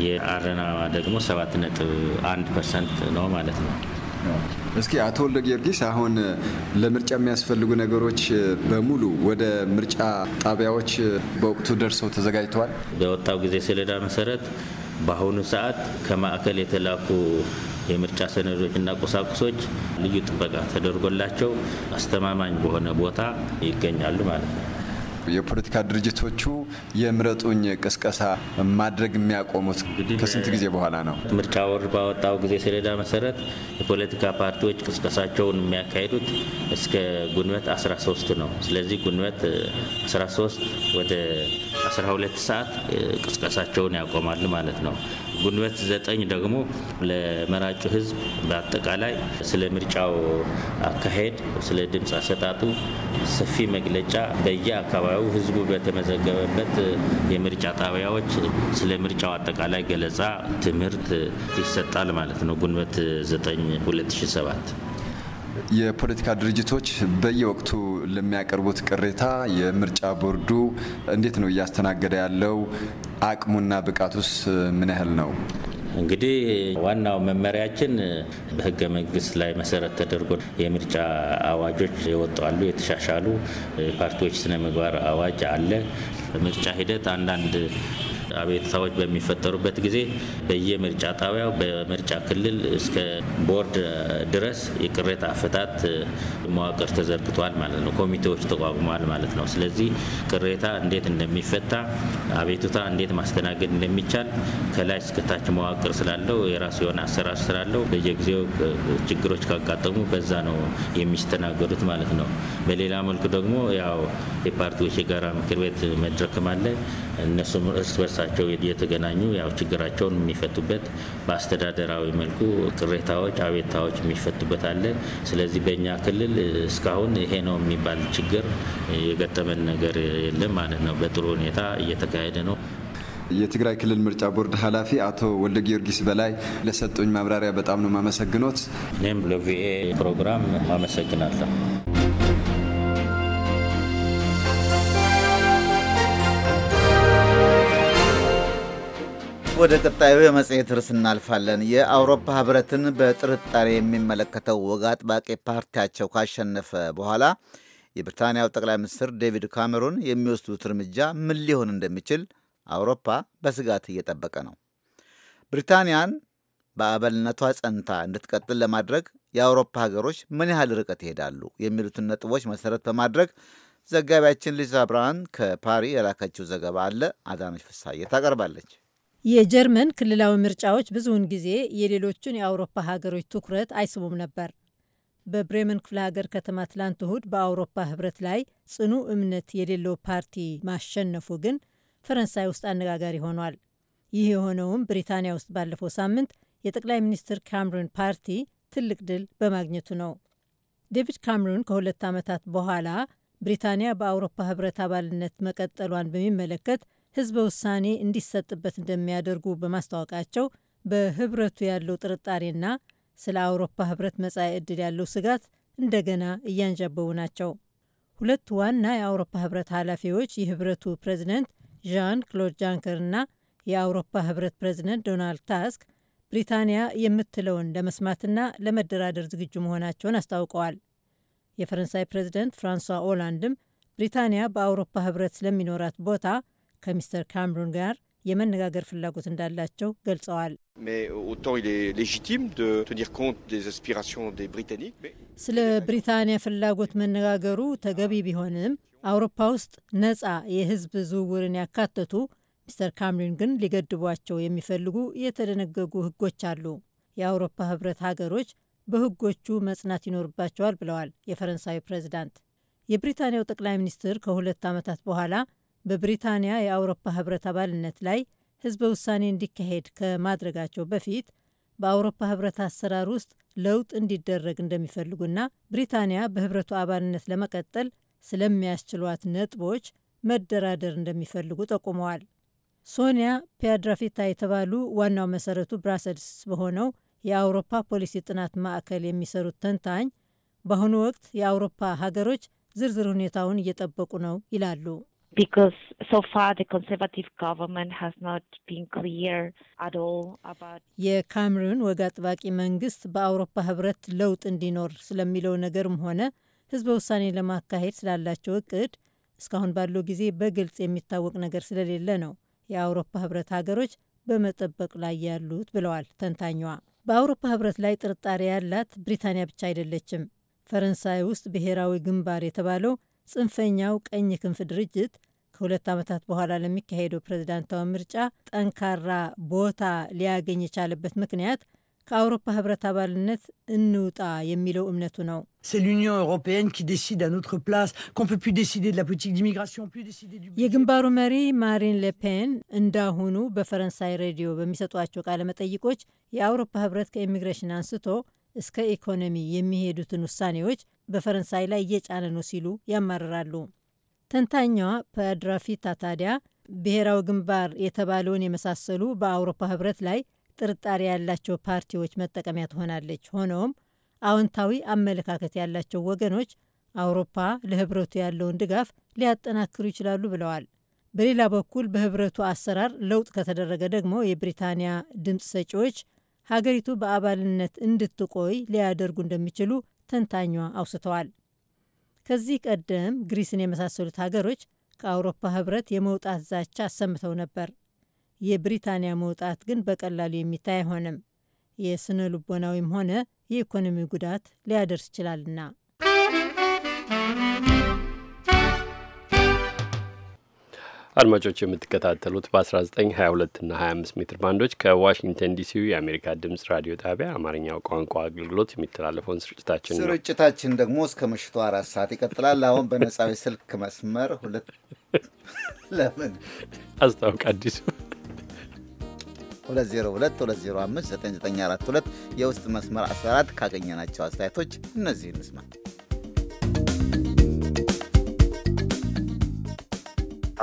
የአረና ደግሞ 7.1 ፐርሰንት ነው ማለት ነው። እስኪ አቶ ወልደ ጊዮርጊስ አሁን ለምርጫ የሚያስፈልጉ ነገሮች በሙሉ ወደ ምርጫ ጣቢያዎች በወቅቱ ደርሰው ተዘጋጅተዋል። በወጣው ጊዜ ሰሌዳ መሰረት በአሁኑ ሰዓት ከማዕከል የተላኩ የምርጫ ሰነዶች እና ቁሳቁሶች ልዩ ጥበቃ ተደርጎላቸው አስተማማኝ በሆነ ቦታ ይገኛሉ ማለት ነው። የፖለቲካ ድርጅቶቹ የምረጡኝ ቅስቀሳ ማድረግ የሚያቆሙት ከስንት ጊዜ በኋላ ነው? ምርጫ ቦርድ ባወጣው ጊዜ ሰሌዳ መሰረት የፖለቲካ ፓርቲዎች ቅስቀሳቸውን የሚያካሂዱት እስከ ግንቦት 13 ነው። ስለዚህ ግንቦት 13 ወደ 12 ሰዓት ቅስቀሳቸውን ያቆማል ማለት ነው። ግንቦት ዘጠኝ ደግሞ ለመራጩ ህዝብ በአጠቃላይ ስለ ምርጫው አካሄድ፣ ስለ ድምፅ አሰጣጡ ሰፊ መግለጫ በየአካባቢው ህዝቡ በተመዘገበበት የምርጫ ጣቢያዎች ስለ ምርጫው አጠቃላይ ገለጻ ትምህርት ይሰጣል ማለት ነው። ግንቦት 9 2007 የፖለቲካ ድርጅቶች በየወቅቱ ለሚያቀርቡት ቅሬታ የምርጫ ቦርዱ እንዴት ነው እያስተናገደ ያለው? አቅሙና ብቃቱስ ምን ያህል ነው? እንግዲህ ዋናው መመሪያችን በህገ መንግስት ላይ መሰረት ተደርጎ የምርጫ አዋጆች የወጣሉ፣ የተሻሻሉ ፓርቲዎች ስነ ምግባር አዋጅ አለ። ምርጫ ሂደት አንዳንድ አቤቱታዎች በሚፈጠሩበት ጊዜ በየምርጫ ጣቢያው በምርጫ ክልል እስከ ቦርድ ድረስ የቅሬታ አፈታት መዋቅር ተዘርግቷል ማለት ነው። ኮሚቴዎች ተቋቁመዋል ማለት ነው። ስለዚህ ቅሬታ እንዴት እንደሚፈታ አቤቱታ እንዴት ማስተናገድ እንደሚቻል ከላይ እስከታች መዋቅር ስላለው የራሱ የሆነ አሰራር ስላለው በየጊዜው ችግሮች ካጋጠሙ በዛ ነው የሚስተናገዱት ማለት ነው። በሌላ መልኩ ደግሞ ያው የፓርቲዎች የጋራ ምክር ቤት መድረክም አለ። እነሱም እርስ በርሳቸው የተገናኙ ያው ችግራቸውን የሚፈቱበት በአስተዳደራዊ መልኩ ቅሬታዎች፣ አቤታዎች የሚፈቱበት አለ። ስለዚህ በእኛ ክልል እስካሁን ይሄ ነው የሚባል ችግር የገጠመን ነገር የለም ማለት ነው። በጥሩ ሁኔታ እየተካሄደ ነው። የትግራይ ክልል ምርጫ ቦርድ ኃላፊ አቶ ወልደ ጊዮርጊስ በላይ ለሰጡኝ ማብራሪያ በጣም ነው ማመሰግኖት። እኔም ለቪኤ ፕሮግራም ማመሰግናለሁ። ወደ ቀጣዩ የመጽሔት ርዕስ እናልፋለን። የአውሮፓ ህብረትን በጥርጣሬ የሚመለከተው ወግ አጥባቂ ፓርቲያቸው ካሸነፈ በኋላ የብሪታንያው ጠቅላይ ሚኒስትር ዴቪድ ካሜሮን የሚወስዱት እርምጃ ምን ሊሆን እንደሚችል አውሮፓ በስጋት እየጠበቀ ነው። ብሪታንያን በአባልነቷ ጸንታ እንድትቀጥል ለማድረግ የአውሮፓ ሀገሮች ምን ያህል ርቀት ይሄዳሉ የሚሉትን ነጥቦች መሰረት በማድረግ ዘጋቢያችን ሊዛ ብርሃን ከፓሪ የላከችው ዘገባ አለ። አዳነች ፍሳዬ ታቀርባለች። የጀርመን ክልላዊ ምርጫዎች ብዙውን ጊዜ የሌሎቹን የአውሮፓ ሀገሮች ትኩረት አይስቡም ነበር። በብሬመን ክፍለ ሀገር ከተማ ትላንት እሁድ በአውሮፓ ህብረት ላይ ጽኑ እምነት የሌለው ፓርቲ ማሸነፉ ግን ፈረንሳይ ውስጥ አነጋጋሪ ሆኗል። ይህ የሆነውም ብሪታንያ ውስጥ ባለፈው ሳምንት የጠቅላይ ሚኒስትር ካምሩን ፓርቲ ትልቅ ድል በማግኘቱ ነው። ዴቪድ ካምሩን ከሁለት ዓመታት በኋላ ብሪታንያ በአውሮፓ ህብረት አባልነት መቀጠሏን በሚመለከት ህዝበ ውሳኔ እንዲሰጥበት እንደሚያደርጉ በማስታወቃቸው በህብረቱ ያለው ጥርጣሬና ስለ አውሮፓ ህብረት መጻኢ ዕድል ያለው ስጋት እንደገና እያንዣበቡ ናቸው። ሁለት ዋና የአውሮፓ ህብረት ኃላፊዎች የህብረቱ ፕሬዚደንት ዣን ክሎድ ጃንከርና የአውሮፓ ህብረት ፕሬዚደንት ዶናልድ ታስክ ብሪታንያ የምትለውን ለመስማትና ለመደራደር ዝግጁ መሆናቸውን አስታውቀዋል። የፈረንሳይ ፕሬዚደንት ፍራንሷ ኦላንድም ብሪታንያ በአውሮፓ ህብረት ስለሚኖራት ቦታ ከሚስተር ካምሩን ጋር የመነጋገር ፍላጎት እንዳላቸው ገልጸዋል። ስለ ብሪታንያ ፍላጎት መነጋገሩ ተገቢ ቢሆንም አውሮፓ ውስጥ ነጻ የሕዝብ ዝውውርን ያካተቱ ሚስተር ካምሪን ግን ሊገድቧቸው የሚፈልጉ የተደነገጉ ሕጎች አሉ። የአውሮፓ ሕብረት ሀገሮች በሕጎቹ መጽናት ይኖርባቸዋል ብለዋል የፈረንሳዊ ፕሬዚዳንት። የብሪታንያው ጠቅላይ ሚኒስትር ከሁለት ዓመታት በኋላ በብሪታንያ የአውሮፓ ህብረት አባልነት ላይ ህዝበ ውሳኔ እንዲካሄድ ከማድረጋቸው በፊት በአውሮፓ ህብረት አሰራር ውስጥ ለውጥ እንዲደረግ እንደሚፈልጉና ብሪታንያ በህብረቱ አባልነት ለመቀጠል ስለሚያስችሏት ነጥቦች መደራደር እንደሚፈልጉ ጠቁመዋል። ሶኒያ ፒያድራፊታ የተባሉ ዋናው መሰረቱ ብራሰልስ በሆነው የአውሮፓ ፖሊሲ ጥናት ማዕከል የሚሰሩት ተንታኝ በአሁኑ ወቅት የአውሮፓ ሀገሮች ዝርዝር ሁኔታውን እየጠበቁ ነው ይላሉ። because so far the conservative government has not been clear at all about የካምሩን ወግ አጥባቂ መንግስት በአውሮፓ ህብረት ለውጥ እንዲኖር ስለሚለው ነገርም ሆነ ህዝበ ውሳኔ ለማካሄድ ስላላቸው እቅድ እስካሁን ባለው ጊዜ በግልጽ የሚታወቅ ነገር ስለሌለ ነው የአውሮፓ ህብረት ሀገሮች በመጠበቅ ላይ ያሉት ብለዋል ተንታኟ። በአውሮፓ ህብረት ላይ ጥርጣሬ ያላት ብሪታንያ ብቻ አይደለችም። ፈረንሳይ ውስጥ ብሔራዊ ግንባር የተባለው ጽንፈኛው ቀኝ ክንፍ ድርጅት ከሁለት ዓመታት በኋላ ለሚካሄደው ፕሬዝዳንታዊ ምርጫ ጠንካራ ቦታ ሊያገኝ የቻለበት ምክንያት ከአውሮፓ ህብረት አባልነት እንውጣ የሚለው እምነቱ ነው። የግንባሩ መሪ ማሪን ለፔን እንዳሁኑ በፈረንሳይ ሬዲዮ በሚሰጧቸው ቃለ መጠይቆች የአውሮፓ ህብረት ከኢሚግሬሽን አንስቶ እስከ ኢኮኖሚ የሚሄዱትን ውሳኔዎች በፈረንሳይ ላይ እየጫነ ነው ሲሉ ያማርራሉ። ተንታኛዋ ፓድራፊታ ታዲያ ብሔራዊ ግንባር የተባለውን የመሳሰሉ በአውሮፓ ህብረት ላይ ጥርጣሬ ያላቸው ፓርቲዎች መጠቀሚያ ትሆናለች። ሆኖም አዎንታዊ አመለካከት ያላቸው ወገኖች አውሮፓ ለህብረቱ ያለውን ድጋፍ ሊያጠናክሩ ይችላሉ ብለዋል። በሌላ በኩል በህብረቱ አሰራር ለውጥ ከተደረገ ደግሞ የብሪታንያ ድምፅ ሰጪዎች ሀገሪቱ በአባልነት እንድትቆይ ሊያደርጉ እንደሚችሉ ተንታኟ አውስተዋል። ከዚህ ቀደም ግሪስን የመሳሰሉት ሀገሮች ከአውሮፓ ህብረት የመውጣት ዛቻ አሰምተው ነበር። የብሪታንያ መውጣት ግን በቀላሉ የሚታይ አይሆንም፣ የስነ ልቦናዊም ሆነ የኢኮኖሚ ጉዳት ሊያደርስ ይችላልና። አድማጮች የምትከታተሉት በ1922 እና 25 ሜትር ባንዶች ከዋሽንግተን ዲሲው የአሜሪካ ድምጽ ራዲዮ ጣቢያ አማርኛው ቋንቋ አገልግሎት የሚተላለፈውን ስርጭታችን ነው። ስርጭታችን ደግሞ እስከ ምሽቱ አራት ሰዓት ይቀጥላል። አሁን በነጻዊ ስልክ መስመር ሁለት ለምን አስታውቅ አዲሱ 2022059942 የውስጥ መስመር 14 ካገኘናቸው አስተያየቶች እነዚህ እንስማ።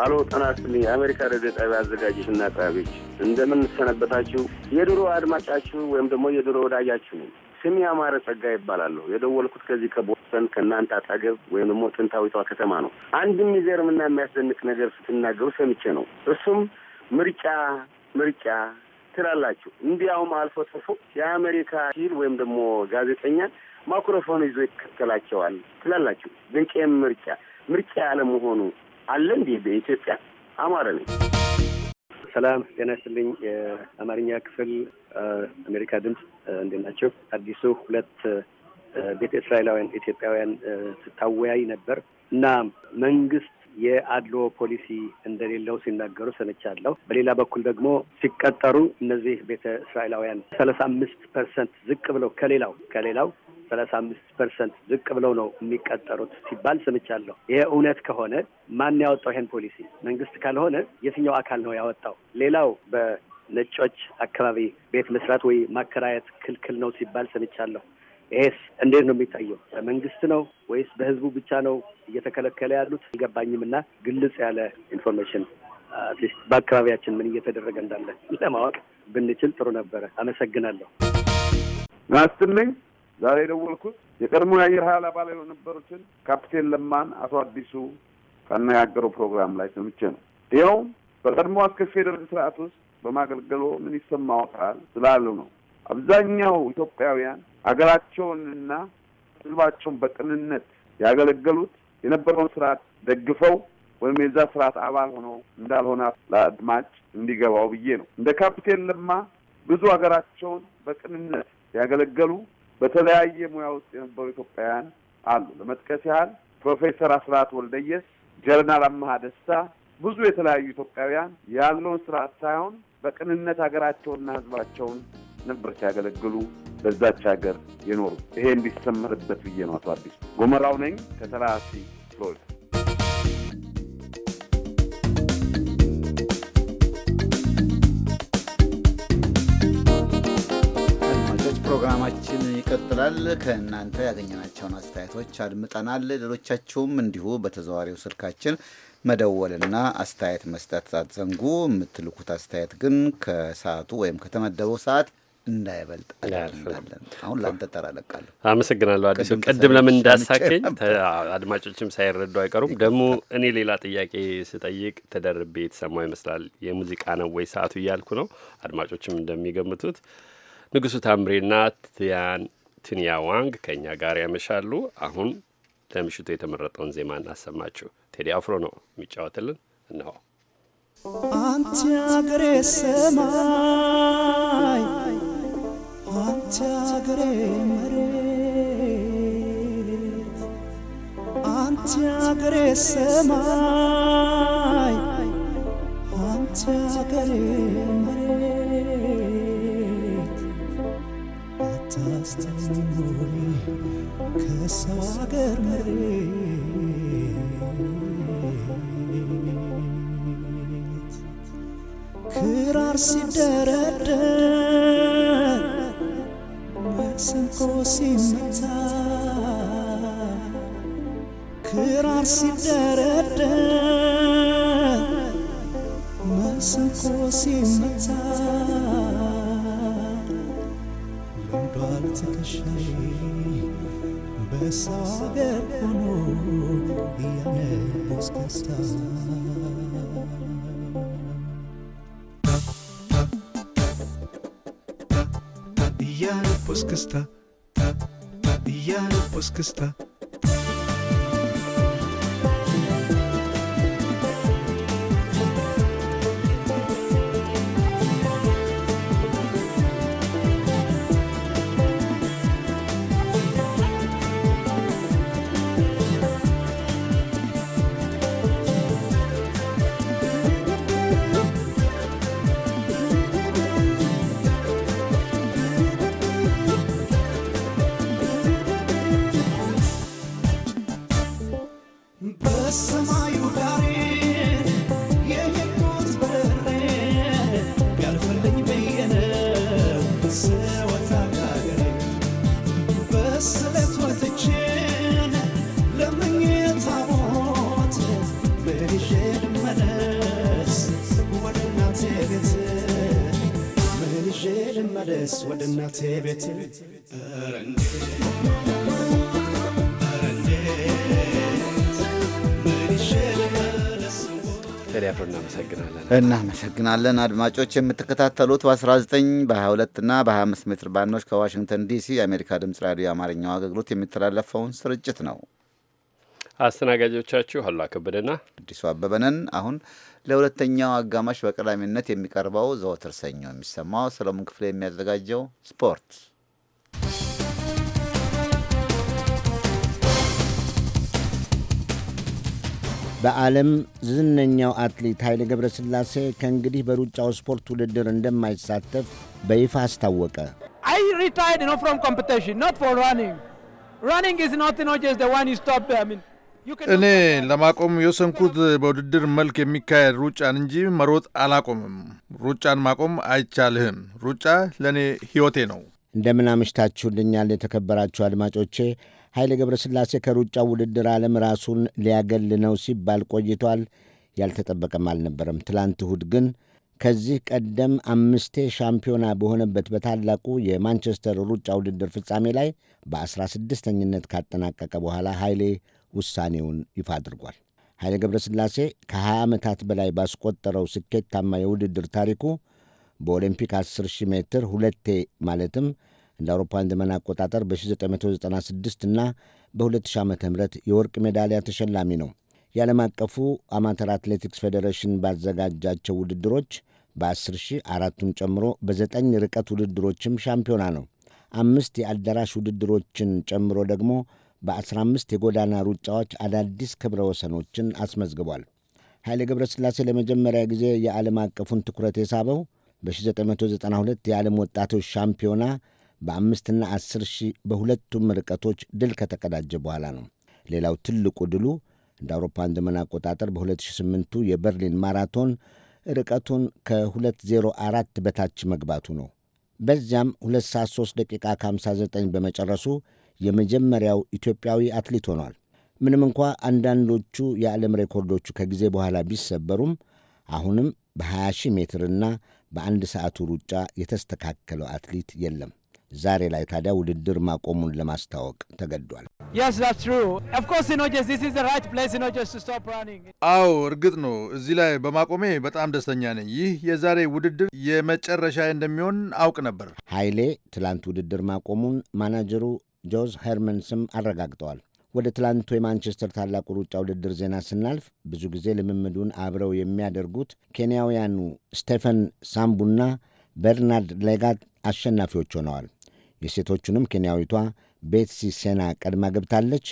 አሎ ጠናስትልኝ የአሜሪካ ሬዲዮ ጣቢያ አዘጋጆች እና አቅራቢዎች እንደምን ሰነበታችሁ? የድሮ አድማጫችሁ ወይም ደግሞ የድሮ ወዳጃችሁ ስም ያማረ ጸጋ ይባላለሁ። የደወልኩት ከዚህ ከቦስተን ከእናንተ አጠገብ ወይም ደግሞ ጥንታዊቷ ከተማ ነው። አንድ የሚገርምና የሚያስደንቅ ነገር ስትናገሩ ሰምቼ ነው። እሱም ምርጫ ምርጫ ትላላችሁ። እንዲያውም አልፎ ተርፎ የአሜሪካ ሲል ወይም ደግሞ ጋዜጠኛ ማይክሮፎን ይዞ ይከተላቸዋል ትላላችሁ። ድንቄም ምርጫ ምርጫ ያለመሆኑ አለ እንዴ? በኢትዮጵያ አማረ ነኝ። ሰላም ጤና ይስጥልኝ። የአማርኛ ክፍል አሜሪካ ድምፅ እንዴት ናቸው? አዲሱ ሁለት ቤተ እስራኤላውያን ኢትዮጵያውያን ስታወያይ ነበር እና መንግስት የአድሎ ፖሊሲ እንደሌለው ሲናገሩ ሰምቻለሁ። በሌላ በኩል ደግሞ ሲቀጠሩ እነዚህ ቤተ እስራኤላውያን ሰላሳ አምስት ፐርሰንት ዝቅ ብለው ከሌላው ከሌላው ሰላሳ አምስት ፐርሰንት ዝቅ ብለው ነው የሚቀጠሩት ሲባል ሰምቻለሁ። ይሄ እውነት ከሆነ ማን ያወጣው ይሄን ፖሊሲ? መንግስት ካልሆነ የትኛው አካል ነው ያወጣው? ሌላው በነጮች አካባቢ ቤት መስራት ወይ ማከራየት ክልክል ነው ሲባል ሰምቻለሁ። ይሄስ እንዴት ነው የሚታየው? በመንግስት ነው ወይስ በህዝቡ ብቻ ነው እየተከለከለ ያሉት? አይገባኝም እና ግልጽ ያለ ኢንፎርሜሽን አትሊስት በአካባቢያችን ምን እየተደረገ እንዳለ ለማወቅ ብንችል ጥሩ ነበረ። አመሰግናለሁ። ናስትልኝ ዛሬ የደወልኩት የቀድሞ የአየር ኃይል አባል የነበሩትን ካፕቴን ለማን አቶ አዲሱ ካነጋገረው ፕሮግራም ላይ ሰምቼ ነው። ይኸውም በቀድሞ አስከፊ የደርግ ስርዓት ውስጥ በማገልገሎ ምን ይሰማዎታል ስላሉ ነው። አብዛኛው ኢትዮጵያውያን ሀገራቸውንና ሕዝባቸውን በቅንነት ያገለገሉት የነበረውን ስርዓት ደግፈው ወይም የዛ ስርዓት አባል ሆኖ እንዳልሆነ ለአድማጭ እንዲገባው ብዬ ነው። እንደ ካፕቴን ለማ ብዙ ሀገራቸውን በቅንነት ያገለገሉ በተለያየ ሙያ ውስጥ የነበሩ ኢትዮጵያውያን አሉ። ለመጥቀስ ያህል ፕሮፌሰር አስራት ወልደየስ፣ ጀርናል አመሃ ደስታ፣ ብዙ የተለያዩ ኢትዮጵያውያን ያለውን ስርዓት ሳይሆን በቅንነት ሀገራቸውንና ህዝባቸውን ነበር ሲያገለግሉ በዛች ሀገር የኖሩ። ይሄ እንዲሰመርበት ብዬ ነው። አቶ አዲስ ጎመራው ነኝ ከተላሲ ፍሎሪዳ ፕሮግራማችን ይቀጥላል። ከእናንተ ያገኘናቸውን አስተያየቶች አድምጠናል። ሌሎቻችሁም እንዲሁ በተዘዋሪው ስልካችን መደወልና አስተያየት መስጠት አትዘንጉ። የምትልኩት አስተያየት ግን ከሰዓቱ ወይም ከተመደበው ሰዓት እንዳይበልጥ አሁን ለአንተ ተራ ለቃለሁ። አመሰግናለሁ አዲሱ። ቅድም ለምን እንዳሳቀኝ አድማጮችም ሳይረዱ አይቀሩም። ደግሞ እኔ ሌላ ጥያቄ ስጠይቅ ተደርቤ የተሰማው ይመስላል። የሙዚቃ ነው ወይ ሰዓቱ እያልኩ ነው። አድማጮችም እንደሚገምቱት ንጉሱ ታምሬና ትያን ትንያ ዋንግ ከእኛ ጋር ያመሻሉ። አሁን ለምሽቱ የተመረጠውን ዜማ እናሰማችሁ። ቴዲ አፍሮ ነው የሚጫወትልን። እነሆ አንተ አገሬ ሰማይ፣ አንተ አገሬ መሬት፣ አንተ አገሬ ሰማይ፣ አንተ አገሬ ስትኖሪ ከሰው አገር መሬ ክራር ሲደረደር መሰንቆ ሲመታ ክራር መሰንቆ ሲመታ Yeah, the post-casta. Yeah, the post-casta. ልመለስ ወደ እናቴ ቤት እናመሰግናለን። እናመሰግናለን አድማጮች የምትከታተሉት በ19 በ22 እና በ25 ሜትር ባንዶች ከዋሽንግተን ዲሲ የአሜሪካ ድምጽ ራዲዮ የአማርኛው አገልግሎት የሚተላለፈውን ስርጭት ነው። አስተናጋጆቻችሁ አሉላ ከበደና አዲሱ አበበ ነን። አሁን ለሁለተኛው አጋማሽ በቀዳሚነት የሚቀርበው ዘወትር ሰኞ የሚሰማው ሰለሞን ክፍሌ የሚያዘጋጀው ስፖርት በዓለም ዝነኛው አትሌት ኃይሌ ገብረስላሴ ከእንግዲህ በሩጫው ስፖርት ውድድር እንደማይሳተፍ በይፋ አስታወቀ። እኔ ለማቆም የወሰንኩት በውድድር መልክ የሚካሄድ ሩጫን እንጂ መሮጥ አላቆምም። ሩጫን ማቆም አይቻልህም። ሩጫ ለእኔ ሕይወቴ ነው። እንደምን አምሽታችሁልኛል የተከበራችሁ አድማጮቼ። ኃይሌ ገብረስላሴ ከሩጫው ውድድር ዓለም ራሱን ሊያገል ነው ሲባል ቆይቷል። ያልተጠበቀም አልነበረም። ትላንት እሁድ ግን ከዚህ ቀደም አምስቴ ሻምፒዮና በሆነበት በታላቁ የማንቸስተር ሩጫ ውድድር ፍጻሜ ላይ በ16ኝነት ካጠናቀቀ በኋላ ኃይሌ ውሳኔውን ይፋ አድርጓል። ኃይሌ ገብረሥላሴ ከ20 ዓመታት በላይ ባስቆጠረው ስኬታማ የውድድር ታሪኩ 10 10,000 ሜትር ሁለቴ ማለትም እንደ አውሮፓውያን ዘመን አቆጣጠር በ1996 እና በ2000 ዓ ም የወርቅ ሜዳሊያ ተሸላሚ ነው። የዓለም አቀፉ አማተር አትሌቲክስ ፌዴሬሽን ባዘጋጃቸው ውድድሮች በ10 ሺህ አራቱን ጨምሮ በዘጠኝ ርቀት ውድድሮችም ሻምፒዮና ነው። አምስት የአዳራሽ ውድድሮችን ጨምሮ ደግሞ በ15 የጎዳና ሩጫዎች አዳዲስ ክብረ ወሰኖችን አስመዝግቧል። ኃይሌ ገብረሥላሴ ለመጀመሪያ ጊዜ የዓለም አቀፉን ትኩረት የሳበው በ1992 የዓለም ወጣቶች ሻምፒዮና በአምስትና አስር ሺህ በሁለቱም ርቀቶች ድል ከተቀዳጀ በኋላ ነው። ሌላው ትልቁ ድሉ እንደ አውሮፓን ዘመን አቆጣጠር በ2008ቱ የበርሊን ማራቶን ርቀቱን ከ204 በታች መግባቱ ነው። በዚያም 2 ሰዓት 3 ደቂቃ ከ59 በመጨረሱ የመጀመሪያው ኢትዮጵያዊ አትሌት ሆኗል። ምንም እንኳ አንዳንዶቹ የዓለም ሬኮርዶቹ ከጊዜ በኋላ ቢሰበሩም አሁንም በ20 ሺህ ሜትርና በአንድ ሰዓቱ ሩጫ የተስተካከለው አትሌት የለም። ዛሬ ላይ ታዲያ ውድድር ማቆሙን ለማስታወቅ ተገዷል። አዎ እርግጥ ነው። እዚህ ላይ በማቆሜ በጣም ደስተኛ ነኝ። ይህ የዛሬ ውድድር የመጨረሻ እንደሚሆን አውቅ ነበር። ኃይሌ ትላንት ውድድር ማቆሙን ማናጀሩ ጆዝ ሄርመንስም ስም አረጋግጠዋል። ወደ ትላንቱ የማንቸስተር ታላቁ ሩጫ ውድድር ዜና ስናልፍ ብዙ ጊዜ ልምምዱን አብረው የሚያደርጉት ኬንያውያኑ ስቴፈን ሳምቡና በርናርድ ሌጋት አሸናፊዎች ሆነዋል። የሴቶቹንም ኬንያዊቷ ቤትሲ ሴና ቀድማ ገብታለች።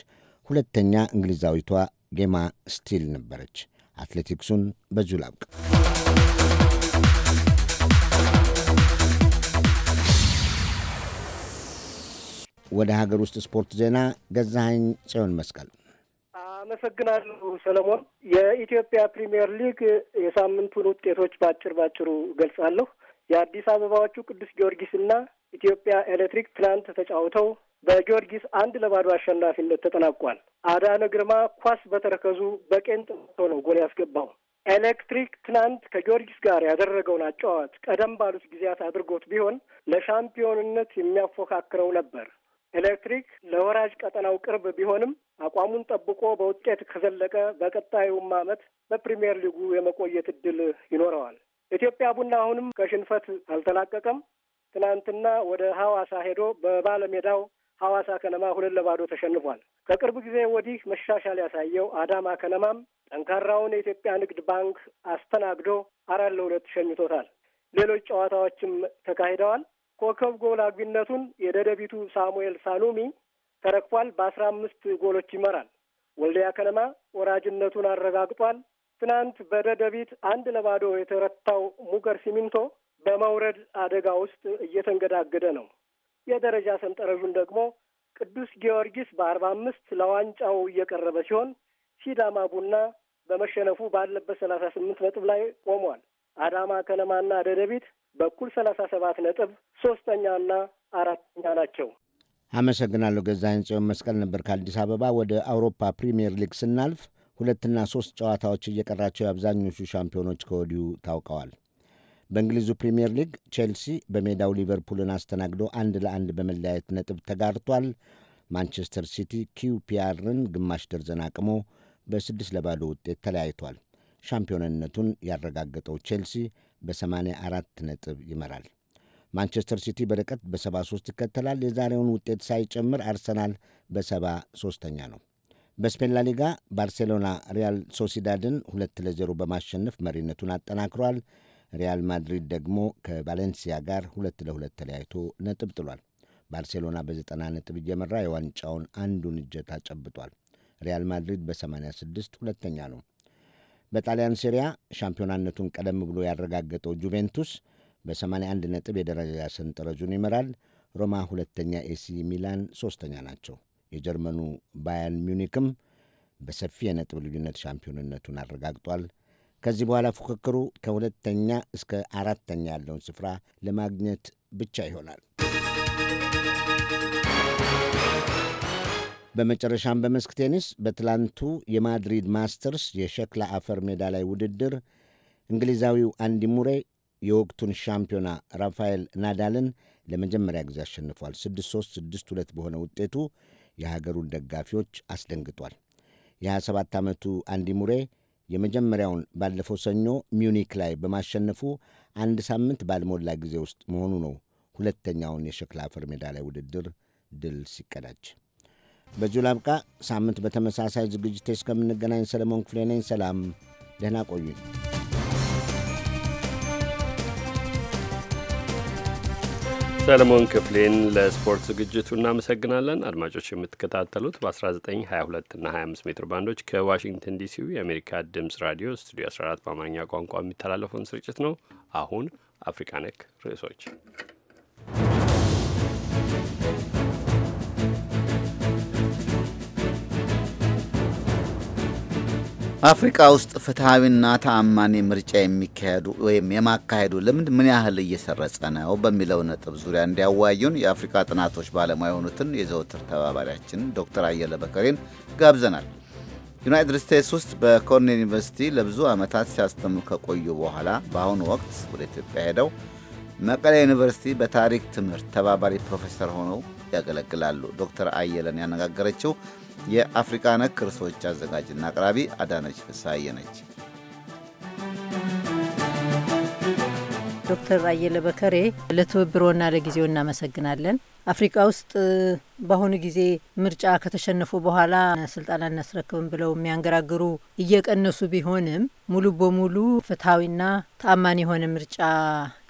ሁለተኛ እንግሊዛዊቷ ጌማ ስቲል ነበረች። አትሌቲክሱን በዚሁ ወደ ሀገር ውስጥ ስፖርት ዜና ገዛኸኝ ጽዮን መስቀል። አመሰግናለሁ ሰለሞን። የኢትዮጵያ ፕሪምየር ሊግ የሳምንቱን ውጤቶች በአጭር ባጭሩ እገልጻለሁ። የአዲስ አበባዎቹ ቅዱስ ጊዮርጊስ እና ኢትዮጵያ ኤሌክትሪክ ትናንት ተጫውተው በጊዮርጊስ አንድ ለባዶ አሸናፊነት ተጠናቋል። አዳነ ግርማ ኳስ በተረከዙ በቄንጥ ነው ጎል ያስገባው። ኤሌክትሪክ ትናንት ከጊዮርጊስ ጋር ያደረገውን አጫዋት ቀደም ባሉት ጊዜያት አድርጎት ቢሆን ለሻምፒዮንነት የሚያፎካክረው ነበር። ኤሌክትሪክ ለወራጅ ቀጠናው ቅርብ ቢሆንም አቋሙን ጠብቆ በውጤት ከዘለቀ በቀጣዩም ዓመት በፕሪምየር ሊጉ የመቆየት እድል ይኖረዋል። ኢትዮጵያ ቡና አሁንም ከሽንፈት አልተላቀቀም። ትናንትና ወደ ሐዋሳ ሄዶ በባለሜዳው ሐዋሳ ከነማ ሁለት ለባዶ ተሸንፏል። ከቅርብ ጊዜ ወዲህ መሻሻል ያሳየው አዳማ ከነማም ጠንካራውን የኢትዮጵያ ንግድ ባንክ አስተናግዶ አራት ለሁለት ሸኝቶታል። ሌሎች ጨዋታዎችም ተካሂደዋል። ኮከብ ጎል አግቢነቱን የደደቢቱ ሳሙኤል ሳሉሚ ተረክቧል። በአስራ አምስት ጎሎች ይመራል። ወልዲያ ከነማ ወራጅነቱን አረጋግጧል። ትናንት በደደቢት አንድ ለባዶ የተረታው ሙገር ሲሚንቶ በመውረድ አደጋ ውስጥ እየተንገዳገደ ነው። የደረጃ ሰንጠረዡን ደግሞ ቅዱስ ጊዮርጊስ በአርባ አምስት ለዋንጫው እየቀረበ ሲሆን ሲዳማ ቡና በመሸነፉ ባለበት ሰላሳ ስምንት ነጥብ ላይ ቆሟል። አዳማ ከነማና ደደቢት በኩል ሰላሳ ሰባት ነጥብ ሶስተኛና አራተኛ ናቸው። አመሰግናለሁ። ገዛኸኝ ጽዮን መስቀል ነበር ከአዲስ አበባ። ወደ አውሮፓ ፕሪምየር ሊግ ስናልፍ ሁለትና ሶስት ጨዋታዎች እየቀራቸው የአብዛኞቹ ሻምፒዮኖች ከወዲሁ ታውቀዋል። በእንግሊዙ ፕሪምየር ሊግ ቼልሲ በሜዳው ሊቨርፑልን አስተናግዶ አንድ ለአንድ በመለያየት ነጥብ ተጋርቷል። ማንቸስተር ሲቲ ኪውፒያርን ግማሽ ደርዘን አቅሞ በስድስት ለባዶ ውጤት ተለያይቷል። ሻምፒዮንነቱን ያረጋገጠው ቼልሲ በ84 ነጥብ ይመራል። ማንቸስተር ሲቲ በርቀት በ73 ይከተላል። የዛሬውን ውጤት ሳይጨምር አርሰናል በ73ኛ ነው በስፔን ላሊጋ ባርሴሎና ሪያል ሶሲዳድን ሁለት ለዜሮ በማሸነፍ መሪነቱን አጠናክሯል። ሪያል ማድሪድ ደግሞ ከቫሌንሲያ ጋር ሁለት ለሁለት ተለያይቶ ነጥብ ጥሏል። ባርሴሎና በዘጠና ነጥብ እየመራ የዋንጫውን አንዱን እጀታ ጨብጧል። ሪያል ማድሪድ በ86 ሁለተኛ ነው። በጣሊያን ሴሪያ ሻምፒዮናነቱን ቀደም ብሎ ያረጋገጠው ጁቬንቱስ በ81 ነጥብ የደረጃ ሰንጠረዙን ይመራል። ሮማ ሁለተኛ፣ ኤሲ ሚላን ሦስተኛ ናቸው። የጀርመኑ ባየርን ሚዩኒክም በሰፊ የነጥብ ልዩነት ሻምፒዮንነቱን አረጋግጧል። ከዚህ በኋላ ፉክክሩ ከሁለተኛ እስከ አራተኛ ያለውን ስፍራ ለማግኘት ብቻ ይሆናል። በመጨረሻም በመስክ ቴኒስ በትላንቱ የማድሪድ ማስተርስ የሸክላ አፈር ሜዳ ላይ ውድድር እንግሊዛዊው አንዲ ሙሬ የወቅቱን ሻምፒዮና ራፋኤል ናዳልን ለመጀመሪያ ጊዜ አሸንፏል። 6-3 በሆነ ውጤቱ የሀገሩን ደጋፊዎች አስደንግጧል። የ27 ዓመቱ አንዲ ሙሬ የመጀመሪያውን ባለፈው ሰኞ ሚዩኒክ ላይ በማሸነፉ አንድ ሳምንት ባልሞላ ጊዜ ውስጥ መሆኑ ነው ሁለተኛውን የሸክላ አፈር ሜዳ ላይ ውድድር ድል ሲቀዳጅ በዚሁ ላብቃ። ሳምንት በተመሳሳይ ዝግጅት እስከምንገናኝ ሰለሞን ክፍሌ ነኝ። ሰላም፣ ደህና ቆዩኝ። ሰለሞን ክፍሌን ለስፖርት ዝግጅቱ እናመሰግናለን። አድማጮች የምትከታተሉት በ1922 እና 25 ሜትር ባንዶች ከዋሽንግተን ዲሲው የአሜሪካ ድምፅ ራዲዮ ስቱዲዮ 14 በአማርኛ ቋንቋ የሚተላለፈውን ስርጭት ነው። አሁን አፍሪካ ነክ ርዕሶች አፍሪካ ውስጥ ፍትሐዊና ተአማኒ ምርጫ የሚካሄዱ ወይም የማካሄዱ ልምድ ምን ያህል እየሰረጸ ነው በሚለው ነጥብ ዙሪያ እንዲያዋዩን የአፍሪካ ጥናቶች ባለሙያ የሆኑትን የዘውትር ተባባሪያችን ዶክተር አየለ በከሬን ጋብዘናል። ዩናይትድ ስቴትስ ውስጥ በኮርኔል ዩኒቨርሲቲ ለብዙ ዓመታት ሲያስተምሩ ከቆዩ በኋላ በአሁኑ ወቅት ወደ ኢትዮጵያ ሄደው መቀሌ ዩኒቨርሲቲ በታሪክ ትምህርት ተባባሪ ፕሮፌሰር ሆነው ያገለግላሉ። ዶክተር አየለን ያነጋገረችው የአፍሪቃ ነክ ርዕሶች አዘጋጅና አቅራቢ አዳነች ፍስሐዬ ነች። ዶክተር አየለ በከሬ ለትብብሮና ለጊዜው እናመሰግናለን። አፍሪቃ ውስጥ በአሁኑ ጊዜ ምርጫ ከተሸነፉ በኋላ ስልጣን አናስረክብም ብለው የሚያንገራግሩ እየቀነሱ ቢሆንም ሙሉ በሙሉ ፍትሐዊና ተአማኒ የሆነ ምርጫ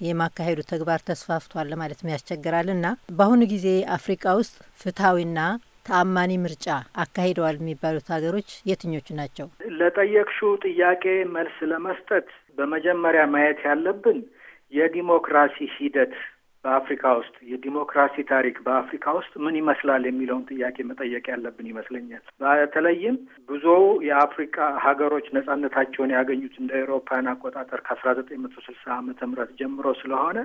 የማካሄዱ ተግባር ተስፋፍቷል ለማለት ያስቸግራልና በአሁኑ ጊዜ አፍሪቃ ውስጥ ፍትሐዊና ተአማኒ ምርጫ አካሂደዋል የሚባሉት ሀገሮች የትኞቹ ናቸው? ለጠየቅሹ ጥያቄ መልስ ለመስጠት በመጀመሪያ ማየት ያለብን የዲሞክራሲ ሂደት በአፍሪካ ውስጥ የዲሞክራሲ ታሪክ በአፍሪካ ውስጥ ምን ይመስላል የሚለውን ጥያቄ መጠየቅ ያለብን ይመስለኛል። በተለይም ብዙ የአፍሪካ ሀገሮች ነጻነታቸውን ያገኙት እንደ ኤሮፓን አቆጣጠር ከአስራ ዘጠኝ መቶ ስልሳ ዓመተ ምህረት ጀምሮ ስለሆነ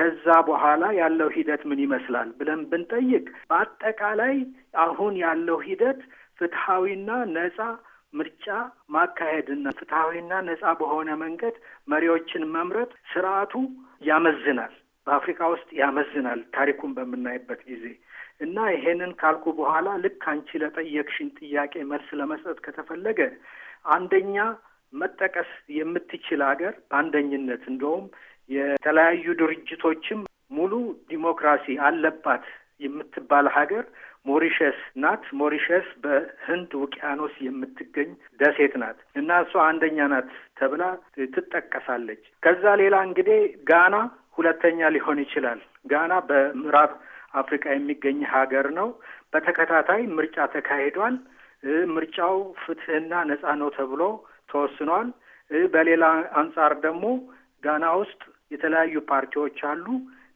ከዛ በኋላ ያለው ሂደት ምን ይመስላል ብለን ብንጠይቅ በአጠቃላይ አሁን ያለው ሂደት ፍትሐዊና ነጻ ምርጫ ማካሄድና ፍትሐዊና ነጻ በሆነ መንገድ መሪዎችን መምረጥ ስርዓቱ ያመዝናል። በአፍሪካ ውስጥ ያመዝናል ታሪኩን በምናይበት ጊዜ እና ይሄንን ካልኩ በኋላ ልክ አንቺ ለጠየቅሽን ጥያቄ መልስ ለመስጠት ከተፈለገ አንደኛ መጠቀስ የምትችል ሀገር በአንደኝነት እንደውም የተለያዩ ድርጅቶችም ሙሉ ዲሞክራሲ አለባት የምትባል ሀገር ሞሪሸስ ናት። ሞሪሸስ በህንድ ውቅያኖስ የምትገኝ ደሴት ናት እና እሷ አንደኛ ናት ተብላ ትጠቀሳለች። ከዛ ሌላ እንግዲህ ጋና ሁለተኛ ሊሆን ይችላል። ጋና በምዕራብ አፍሪካ የሚገኝ ሀገር ነው። በተከታታይ ምርጫ ተካሂዷል። ምርጫው ፍትህና ነጻ ነው ተብሎ ተወስኗል። በሌላ አንጻር ደግሞ ጋና ውስጥ የተለያዩ ፓርቲዎች አሉ።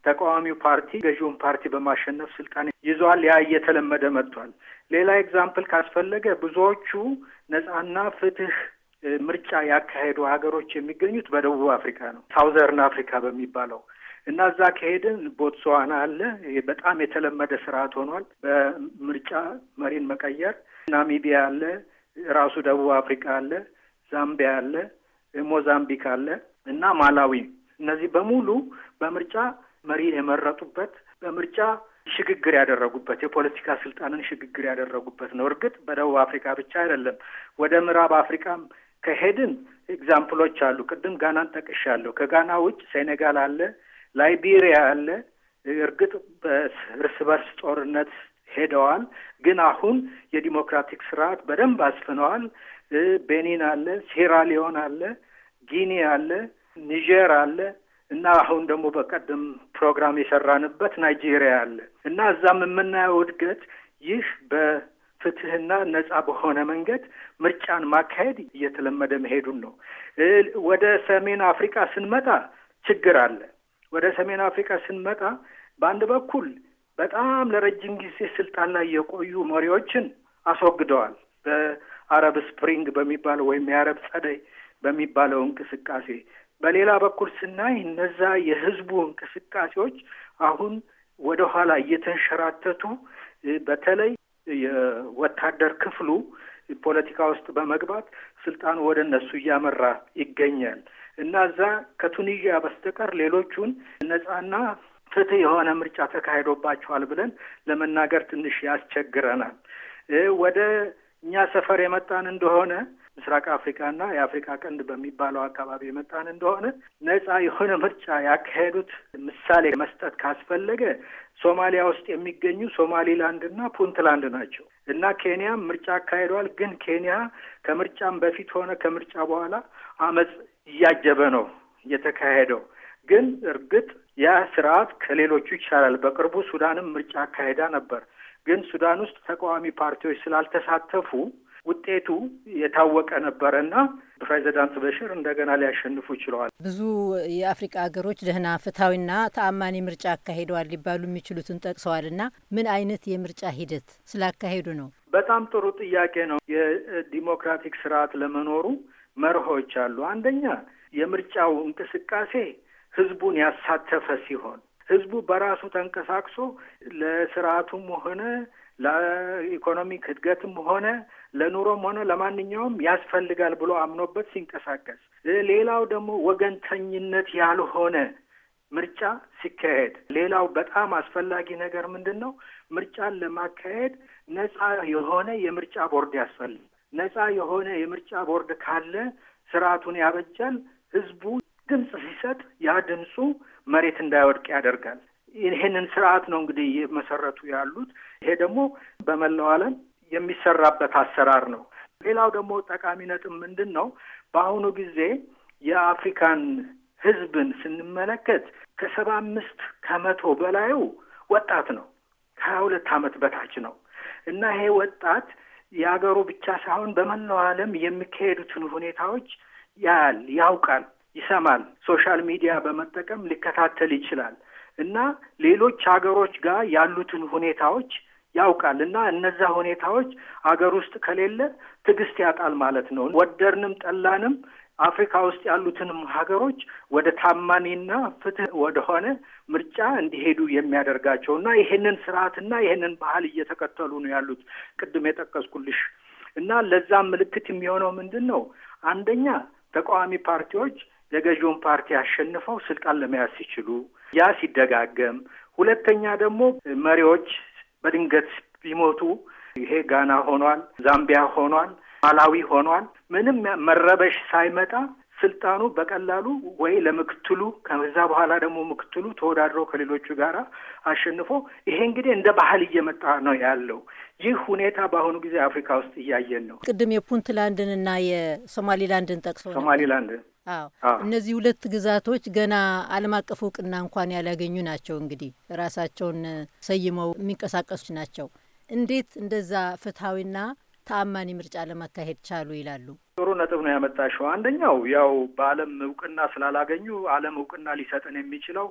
ተቃዋሚው ፓርቲ ገዢውን ፓርቲ በማሸነፍ ስልጣን ይዟል። ያ እየተለመደ መጥቷል። ሌላ ኤግዛምፕል ካስፈለገ ብዙዎቹ ነጻና ፍትህ ምርጫ ያካሄዱ ሀገሮች የሚገኙት በደቡብ አፍሪካ ነው፣ ሳውዘርን አፍሪካ በሚባለው እና እዛ ከሄድን ቦትስዋና አለ። በጣም የተለመደ ስርዓት ሆኗል። በምርጫ መሪን መቀየር። ናሚቢያ አለ፣ ራሱ ደቡብ አፍሪካ አለ፣ ዛምቢያ አለ፣ ሞዛምቢክ አለ እና ማላዊ እነዚህ በሙሉ በምርጫ መሪ የመረጡበት በምርጫ ሽግግር ያደረጉበት የፖለቲካ ስልጣንን ሽግግር ያደረጉበት ነው። እርግጥ በደቡብ አፍሪካ ብቻ አይደለም። ወደ ምዕራብ አፍሪካም ከሄድን ኤግዛምፕሎች አሉ። ቅድም ጋናን ጠቅሻለሁ። ከጋና ውጭ ሴኔጋል አለ ላይቤሪያ ያለ እርግጥ በእርስ በርስ ጦርነት ሄደዋል፣ ግን አሁን የዲሞክራቲክ ስርዓት በደንብ አስፍነዋል። ቤኒን አለ፣ ሴራሊዮን አለ፣ ጊኒ አለ፣ ኒጀር አለ እና አሁን ደግሞ በቀደም ፕሮግራም የሰራንበት ናይጄሪያ አለ እና እዛም የምናየው እድገት ይህ በፍትህና ነጻ በሆነ መንገድ ምርጫን ማካሄድ እየተለመደ መሄዱን ነው። ወደ ሰሜን አፍሪካ ስንመጣ ችግር አለ። ወደ ሰሜን አፍሪካ ስንመጣ በአንድ በኩል በጣም ለረጅም ጊዜ ስልጣን ላይ የቆዩ መሪዎችን አስወግደዋል። በአረብ ስፕሪንግ በሚባለው ወይም የአረብ ጸደይ በሚባለው እንቅስቃሴ፣ በሌላ በኩል ስናይ እነዛ የህዝቡ እንቅስቃሴዎች አሁን ወደ ኋላ እየተንሸራተቱ በተለይ የወታደር ክፍሉ ፖለቲካ ውስጥ በመግባት ስልጣኑ ወደ እነሱ እያመራ ይገኛል። እና እዛ ከቱኒዥያ በስተቀር ሌሎቹን ነጻና ፍትህ የሆነ ምርጫ ተካሂዶባቸዋል ብለን ለመናገር ትንሽ ያስቸግረናል። ወደ እኛ ሰፈር የመጣን እንደሆነ ምስራቅ አፍሪካና የአፍሪካ ቀንድ በሚባለው አካባቢ የመጣን እንደሆነ ነጻ የሆነ ምርጫ ያካሄዱት ምሳሌ መስጠት ካስፈለገ ሶማሊያ ውስጥ የሚገኙ ሶማሊላንድና ፑንትላንድ ናቸው እና ኬንያም ምርጫ አካሂደዋል። ግን ኬንያ ከምርጫም በፊት ሆነ ከምርጫ በኋላ አመፅ እያጀበ ነው የተካሄደው። ግን እርግጥ ያ ስርዓት ከሌሎቹ ይሻላል። በቅርቡ ሱዳንም ምርጫ አካሄዳ ነበር። ግን ሱዳን ውስጥ ተቃዋሚ ፓርቲዎች ስላልተሳተፉ ውጤቱ የታወቀ ነበረ እና ፕሬዚዳንት በሽር እንደገና ሊያሸንፉ ችለዋል። ብዙ የአፍሪቃ ሀገሮች ደህና ፍትሐዊና ተአማኒ ምርጫ አካሂደዋል ሊባሉ የሚችሉትን ጠቅሰዋል። እና ምን አይነት የምርጫ ሂደት ስላካሄዱ ነው? በጣም ጥሩ ጥያቄ ነው። የዲሞክራቲክ ስርዓት ለመኖሩ መርሆች አሉ። አንደኛ የምርጫው እንቅስቃሴ ህዝቡን ያሳተፈ ሲሆን ህዝቡ በራሱ ተንቀሳቅሶ ለስርዓቱም ሆነ ለኢኮኖሚክ እድገትም ሆነ ለኑሮም ሆነ ለማንኛውም ያስፈልጋል ብሎ አምኖበት ሲንቀሳቀስ፣ ሌላው ደግሞ ወገንተኝነት ያልሆነ ምርጫ ሲካሄድ፣ ሌላው በጣም አስፈላጊ ነገር ምንድን ነው? ምርጫን ለማካሄድ ነጻ የሆነ የምርጫ ቦርድ ያስፈልግ ነፃ የሆነ የምርጫ ቦርድ ካለ ስርዓቱን ያበጃል። ህዝቡ ድምፅ ሲሰጥ ያ ድምፁ መሬት እንዳይወድቅ ያደርጋል። ይህንን ስርዓት ነው እንግዲህ እየመሰረቱ ያሉት። ይሄ ደግሞ በመላው ዓለም የሚሰራበት አሰራር ነው። ሌላው ደግሞ ጠቃሚ ነጥብ ምንድን ነው? በአሁኑ ጊዜ የአፍሪካን ህዝብን ስንመለከት ከሰባ አምስት ከመቶ በላዩ ወጣት ነው። ከሀያ ሁለት ዓመት በታች ነው እና ይሄ ወጣት የሀገሩ ብቻ ሳይሆን በመላው ዓለም የሚካሄዱትን ሁኔታዎች ያያል፣ ያውቃል፣ ይሰማል። ሶሻል ሚዲያ በመጠቀም ሊከታተል ይችላል እና ሌሎች ሀገሮች ጋር ያሉትን ሁኔታዎች ያውቃል እና እነዛ ሁኔታዎች አገር ውስጥ ከሌለ ትዕግስት ያጣል ማለት ነው። ወደድንም ጠላንም አፍሪካ ውስጥ ያሉትንም ሀገሮች ወደ ታማኒና ፍትህ ወደሆነ ምርጫ እንዲሄዱ የሚያደርጋቸው እና ይሄንን ስርዓትና ይሄንን ባህል እየተከተሉ ነው ያሉት ቅድም የጠቀስኩልሽ እና ለዛም ምልክት የሚሆነው ምንድን ነው? አንደኛ ተቃዋሚ ፓርቲዎች የገዢውን ፓርቲ አሸንፈው ስልጣን ለመያዝ ሲችሉ ያ ሲደጋገም፣ ሁለተኛ ደግሞ መሪዎች በድንገት ቢሞቱ ይሄ ጋና ሆኗል፣ ዛምቢያ ሆኗል፣ ማላዊ ሆኗል። ምንም መረበሽ ሳይመጣ ስልጣኑ በቀላሉ ወይ ለምክትሉ ከዛ በኋላ ደግሞ ምክትሉ ተወዳድሮ ከሌሎቹ ጋር አሸንፎ ይሄ እንግዲህ እንደ ባህል እየመጣ ነው ያለው። ይህ ሁኔታ በአሁኑ ጊዜ አፍሪካ ውስጥ እያየን ነው። ቅድም የፑንትላንድን እና የሶማሊላንድን ጠቅሶ ሶማሊላንድ አዎ፣ እነዚህ ሁለት ግዛቶች ገና ዓለም አቀፍ እውቅና እንኳን ያላገኙ ናቸው። እንግዲህ ራሳቸውን ሰይመው የሚንቀሳቀሱ ናቸው። እንዴት እንደዛ ፍትሐዊና ተአማኒ ምርጫ ለማካሄድ ቻሉ ይላሉ። ጥሩ ነጥብ ነው ያመጣሽው። አንደኛው ያው በዓለም እውቅና ስላላገኙ ዓለም እውቅና ሊሰጥን የሚችለው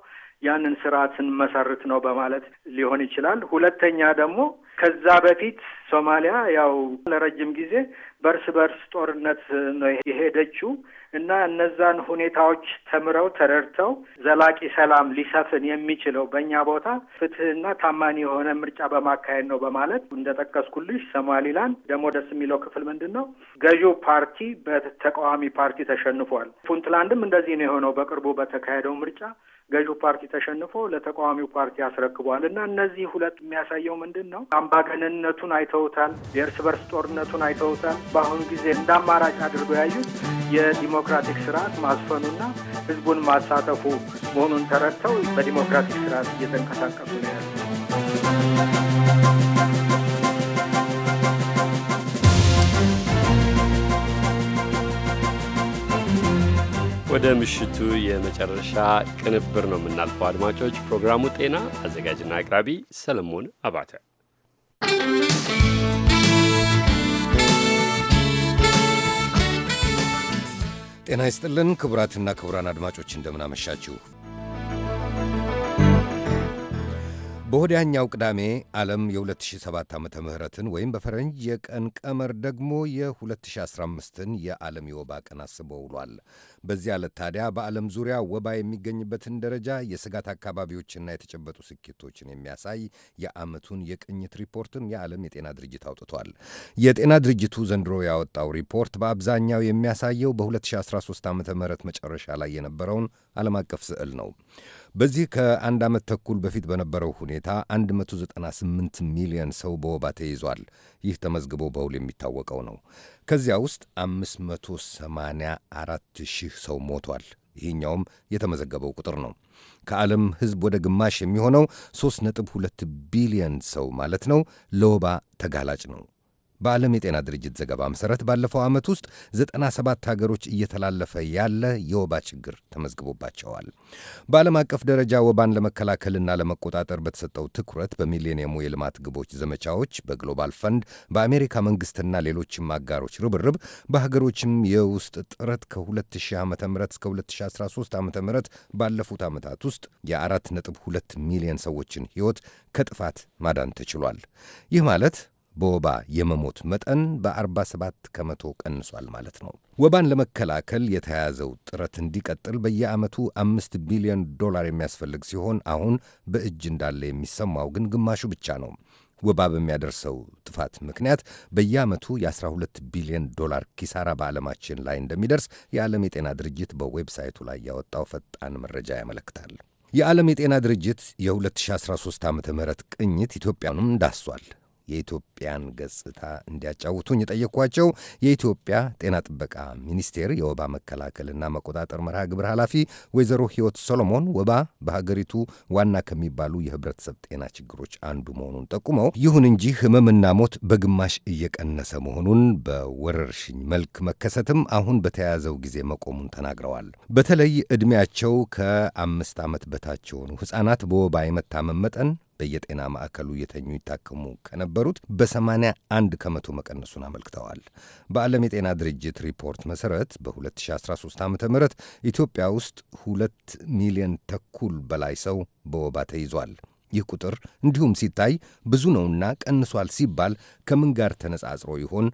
ያንን ስርዓት ስንመሰርት ነው በማለት ሊሆን ይችላል። ሁለተኛ ደግሞ ከዛ በፊት ሶማሊያ ያው ለረጅም ጊዜ በእርስ በርስ ጦርነት ነው የሄደችው። እና እነዛን ሁኔታዎች ተምረው ተረድተው ዘላቂ ሰላም ሊሰፍን የሚችለው በእኛ ቦታ ፍትህና ታማኒ የሆነ ምርጫ በማካሄድ ነው በማለት እንደጠቀስኩልሽ ሶማሊላንድ ደግሞ ደስ የሚለው ክፍል ምንድን ነው? ገዢው ፓርቲ በተቃዋሚ ፓርቲ ተሸንፏል። ፑንትላንድም እንደዚህ ነው የሆነው በቅርቡ በተካሄደው ምርጫ ገዢው ፓርቲ ተሸንፎ ለተቃዋሚው ፓርቲ አስረክቧል እና እነዚህ ሁለት የሚያሳየው ምንድን ነው? አምባገነንነቱን አይተውታል። የእርስ በርስ ጦርነቱን አይተውታል። በአሁኑ ጊዜ እንደ አማራጭ አድርገው ያዩት የዲሞክራቲክ ስርዓት ማስፈኑና ህዝቡን ማሳተፉ መሆኑን ተረድተው በዲሞክራቲክ ስርዓት እየተንቀሳቀሱ ነው ያሉ ወደ ምሽቱ የመጨረሻ ቅንብር ነው የምናልፈው። አድማጮች፣ ፕሮግራሙ ጤና አዘጋጅና አቅራቢ ሰለሞን አባተ። ጤና ይስጥልን ክቡራትና ክቡራን አድማጮች እንደምናመሻችሁ። በወዲያኛው ቅዳሜ ዓለም የ2007 ዓመተ ምሕረትን ወይም በፈረንጅ የቀን ቀመር ደግሞ የ2015ን የዓለም የወባ ቀን አስቦ ውሏል። በዚህ ዕለት ታዲያ በዓለም ዙሪያ ወባ የሚገኝበትን ደረጃ፣ የስጋት አካባቢዎችና የተጨበጡ ስኬቶችን የሚያሳይ የዓመቱን የቅኝት ሪፖርትም የዓለም የጤና ድርጅት አውጥቷል። የጤና ድርጅቱ ዘንድሮ ያወጣው ሪፖርት በአብዛኛው የሚያሳየው በ2013 ዓመተ ምሕረት መጨረሻ ላይ የነበረውን ዓለም አቀፍ ስዕል ነው። በዚህ ከአንድ ዓመት ተኩል በፊት በነበረው ሁኔታ 198 ሚሊዮን ሰው በወባ ተይዟል። ይህ ተመዝግቦ በውል የሚታወቀው ነው። ከዚያ ውስጥ 584 ሺህ ሰው ሞቷል። ይህኛውም የተመዘገበው ቁጥር ነው። ከዓለም ሕዝብ ወደ ግማሽ የሚሆነው 3.2 ቢሊዮን ሰው ማለት ነው ለወባ ተጋላጭ ነው። በዓለም የጤና ድርጅት ዘገባ መሠረት ባለፈው ዓመት ውስጥ 97 ሀገሮች እየተላለፈ ያለ የወባ ችግር ተመዝግቦባቸዋል። በዓለም አቀፍ ደረጃ ወባን ለመከላከልና ለመቆጣጠር በተሰጠው ትኩረት በሚሌኒየሙ የልማት ግቦች ዘመቻዎች፣ በግሎባል ፈንድ፣ በአሜሪካ መንግሥትና ሌሎችም አጋሮች ርብርብ፣ በሀገሮችም የውስጥ ጥረት ከ2000 ዓ ም እስከ 2013 ዓ ም ባለፉት ዓመታት ውስጥ የ4.2 ሚሊዮን ሰዎችን ሕይወት ከጥፋት ማዳን ተችሏል። ይህ ማለት በወባ የመሞት መጠን በ47 ከመቶ ቀንሷል ማለት ነው። ወባን ለመከላከል የተያዘው ጥረት እንዲቀጥል በየዓመቱ አምስት ቢሊዮን ዶላር የሚያስፈልግ ሲሆን አሁን በእጅ እንዳለ የሚሰማው ግን ግማሹ ብቻ ነው። ወባ በሚያደርሰው ጥፋት ምክንያት በየዓመቱ የ12 ቢሊዮን ዶላር ኪሳራ በዓለማችን ላይ እንደሚደርስ የዓለም የጤና ድርጅት በዌብሳይቱ ላይ ያወጣው ፈጣን መረጃ ያመለክታል። የዓለም የጤና ድርጅት የ2013 ዓ ም ቅኝት ኢትዮጵያንም ዳስሷል። የኢትዮጵያን ገጽታ እንዲያጫውቱኝ የጠየቅኳቸው የኢትዮጵያ ጤና ጥበቃ ሚኒስቴር የወባ መከላከልና መቆጣጠር መርሃ ግብር ኃላፊ ወይዘሮ ህይወት ሶሎሞን ወባ በሀገሪቱ ዋና ከሚባሉ የህብረተሰብ ጤና ችግሮች አንዱ መሆኑን ጠቁመው፣ ይሁን እንጂ ህመምና ሞት በግማሽ እየቀነሰ መሆኑን በወረርሽኝ መልክ መከሰትም አሁን በተያያዘው ጊዜ መቆሙን ተናግረዋል። በተለይ ዕድሜያቸው ከአምስት ዓመት በታች የሆኑ በወባ የመታመም መጠን በየጤና ማዕከሉ የተኙ ይታከሙ ከነበሩት በ81 ከመቶ መቀነሱን አመልክተዋል። በዓለም የጤና ድርጅት ሪፖርት መሠረት በ2013 ዓ ም ኢትዮጵያ ውስጥ ሁለት ሚሊዮን ተኩል በላይ ሰው በወባ ተይዟል። ይህ ቁጥር እንዲሁም ሲታይ ብዙ ነውና ቀንሷል ሲባል ከምን ጋር ተነጻጽሮ ይሆን?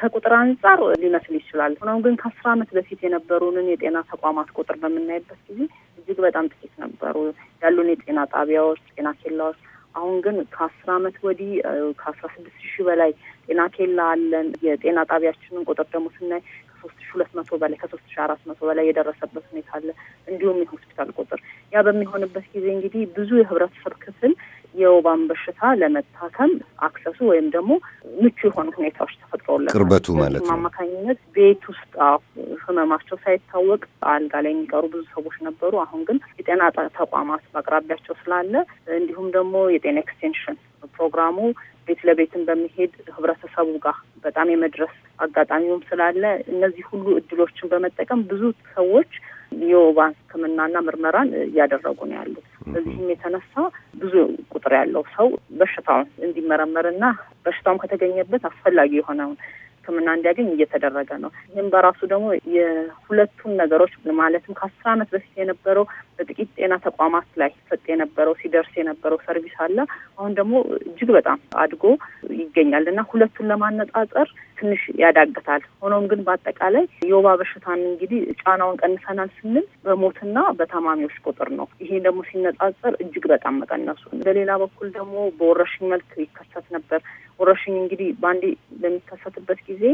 ከቁጥር አንጻር ሊመስል ይችላል። ሆኖም ግን ከአስር ዓመት በፊት የነበሩንን የጤና ተቋማት ቁጥር በምናይበት ጊዜ እጅግ በጣም ጥቂት ነበሩ ያሉን የጤና ጣቢያዎች፣ ጤና ኬላዎች። አሁን ግን ከአስር አመት ወዲህ ከአስራ ስድስት ሺህ በላይ ጤና ኬላ አለን። የጤና ጣቢያችንን ቁጥር ደግሞ ስናይ ከሶስት ሺ ሁለት መቶ በላይ ከሶስት ሺ አራት መቶ በላይ የደረሰበት ሁኔታ አለ። እንዲሁም የሆስፒታል ቁጥር ያ በሚሆንበት ጊዜ እንግዲህ ብዙ የህብረተሰብ ክፍል የወባን በሽታ ለመታከም አክሰሱ ወይም ደግሞ ምቹ የሆኑ ሁኔታዎች ተፈጥሮለ ቅርበቱ ማለት ነው። አማካኝነት ቤት ውስጥ ህመማቸው ሳይታወቅ አልጋ ላይ የሚቀሩ ብዙ ሰዎች ነበሩ። አሁን ግን የጤና ተቋማት በአቅራቢያቸው ስላለ እንዲሁም ደግሞ የጤና ኤክስቴንሽን ፕሮግራሙ ቤት ለቤትን በሚሄድ ህብረተሰቡ ጋር በጣም የመድረስ አጋጣሚውም ስላለ እነዚህ ሁሉ እድሎችን በመጠቀም ብዙ ሰዎች የወባ ሕክምናና ምርመራን እያደረጉ ነው ያሉት። በዚህም የተነሳ ብዙ ቁጥር ያለው ሰው በሽታውን እንዲመረመርና በሽታውም ከተገኘበት አስፈላጊ የሆነውን ሕክምና እንዲያገኝ እየተደረገ ነው። ይህም በራሱ ደግሞ የሁለቱን ነገሮች ማለትም ከአስር ዓመት በፊት የነበረው በጥቂት ጤና ተቋማት ላይ ሰጥ የነበረው ሲደርስ የነበረው ሰርቪስ አለ። አሁን ደግሞ እጅግ በጣም አድጎ ይገኛል እና ሁለቱን ለማነጻጸር ትንሽ ያዳግታል። ሆኖም ግን በአጠቃላይ የወባ በሽታን እንግዲህ ጫናውን ቀንሰናል ስንል በሞትና በታማሚዎች ቁጥር ነው። ይሄ ደግሞ ሲነጻጸር እጅግ በጣም መቀነሱ። በሌላ በኩል ደግሞ በወረርሽኝ መልክ ይከሰት ነበር ወረርሽኝ እንግዲህ በአንዴ በሚከሰትበት ጊዜ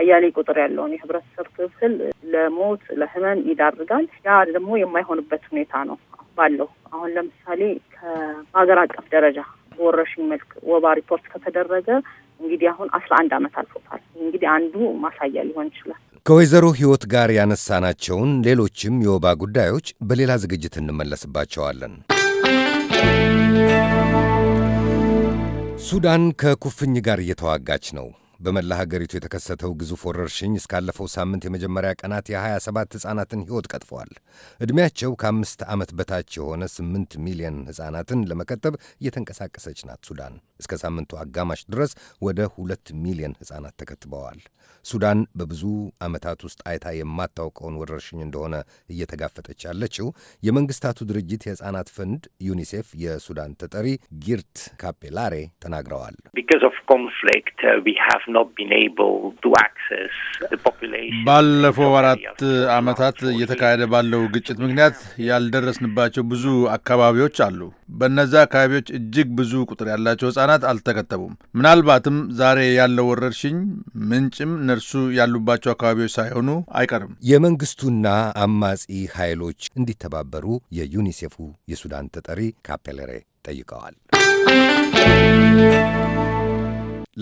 አያሌ ቁጥር ያለውን የህብረተሰብ ክፍል ለሞት ለህመም ይዳርጋል። ያ ደግሞ የማይሆንበት ሁኔታ ነው ባለው አሁን ለምሳሌ ከሀገር አቀፍ ደረጃ በወረርሽኝ መልክ ወባ ሪፖርት ከተደረገ እንግዲህ አሁን አስራ አንድ ዓመት አልፎታል። እንግዲህ አንዱ ማሳያ ሊሆን ይችላል። ከወይዘሮ ህይወት ጋር ያነሳናቸውን ሌሎችም የወባ ጉዳዮች በሌላ ዝግጅት እንመለስባቸዋለን። ሱዳን ከኩፍኝ ጋር እየተዋጋች ነው። በመላ ሀገሪቱ የተከሰተው ግዙፍ ወረርሽኝ እስካለፈው ሳምንት የመጀመሪያ ቀናት የ27 ሕፃናትን ሕይወት ቀጥፈዋል። ዕድሜያቸው ከአምስት ዓመት በታች የሆነ 8 ሚሊዮን ሕፃናትን ለመከተብ እየተንቀሳቀሰች ናት ሱዳን። እስከ ሳምንቱ አጋማሽ ድረስ ወደ ሁለት ሚሊዮን ሕፃናት ተከትበዋል። ሱዳን በብዙ ዓመታት ውስጥ አይታ የማታውቀውን ወረርሽኝ እንደሆነ እየተጋፈጠች ያለችው የመንግስታቱ ድርጅት የሕፃናት ፈንድ ዩኒሴፍ የሱዳን ተጠሪ ጊርት ካፔላሬ ተናግረዋል። uh, ባለፈው አራት ዓመታት እየተካሄደ ባለው ግጭት ምክንያት ያልደረስንባቸው ብዙ አካባቢዎች አሉ። በእነዚያ አካባቢዎች እጅግ ብዙ ቁጥር ያላቸው ሕፃናት ባለሥልጣናት አልተከተቡም። ምናልባትም ዛሬ ያለው ወረርሽኝ ምንጭም እነርሱ ያሉባቸው አካባቢዎች ሳይሆኑ አይቀርም። የመንግስቱና አማጺ ኃይሎች እንዲተባበሩ የዩኒሴፉ የሱዳን ተጠሪ ካፔለሬ ጠይቀዋል።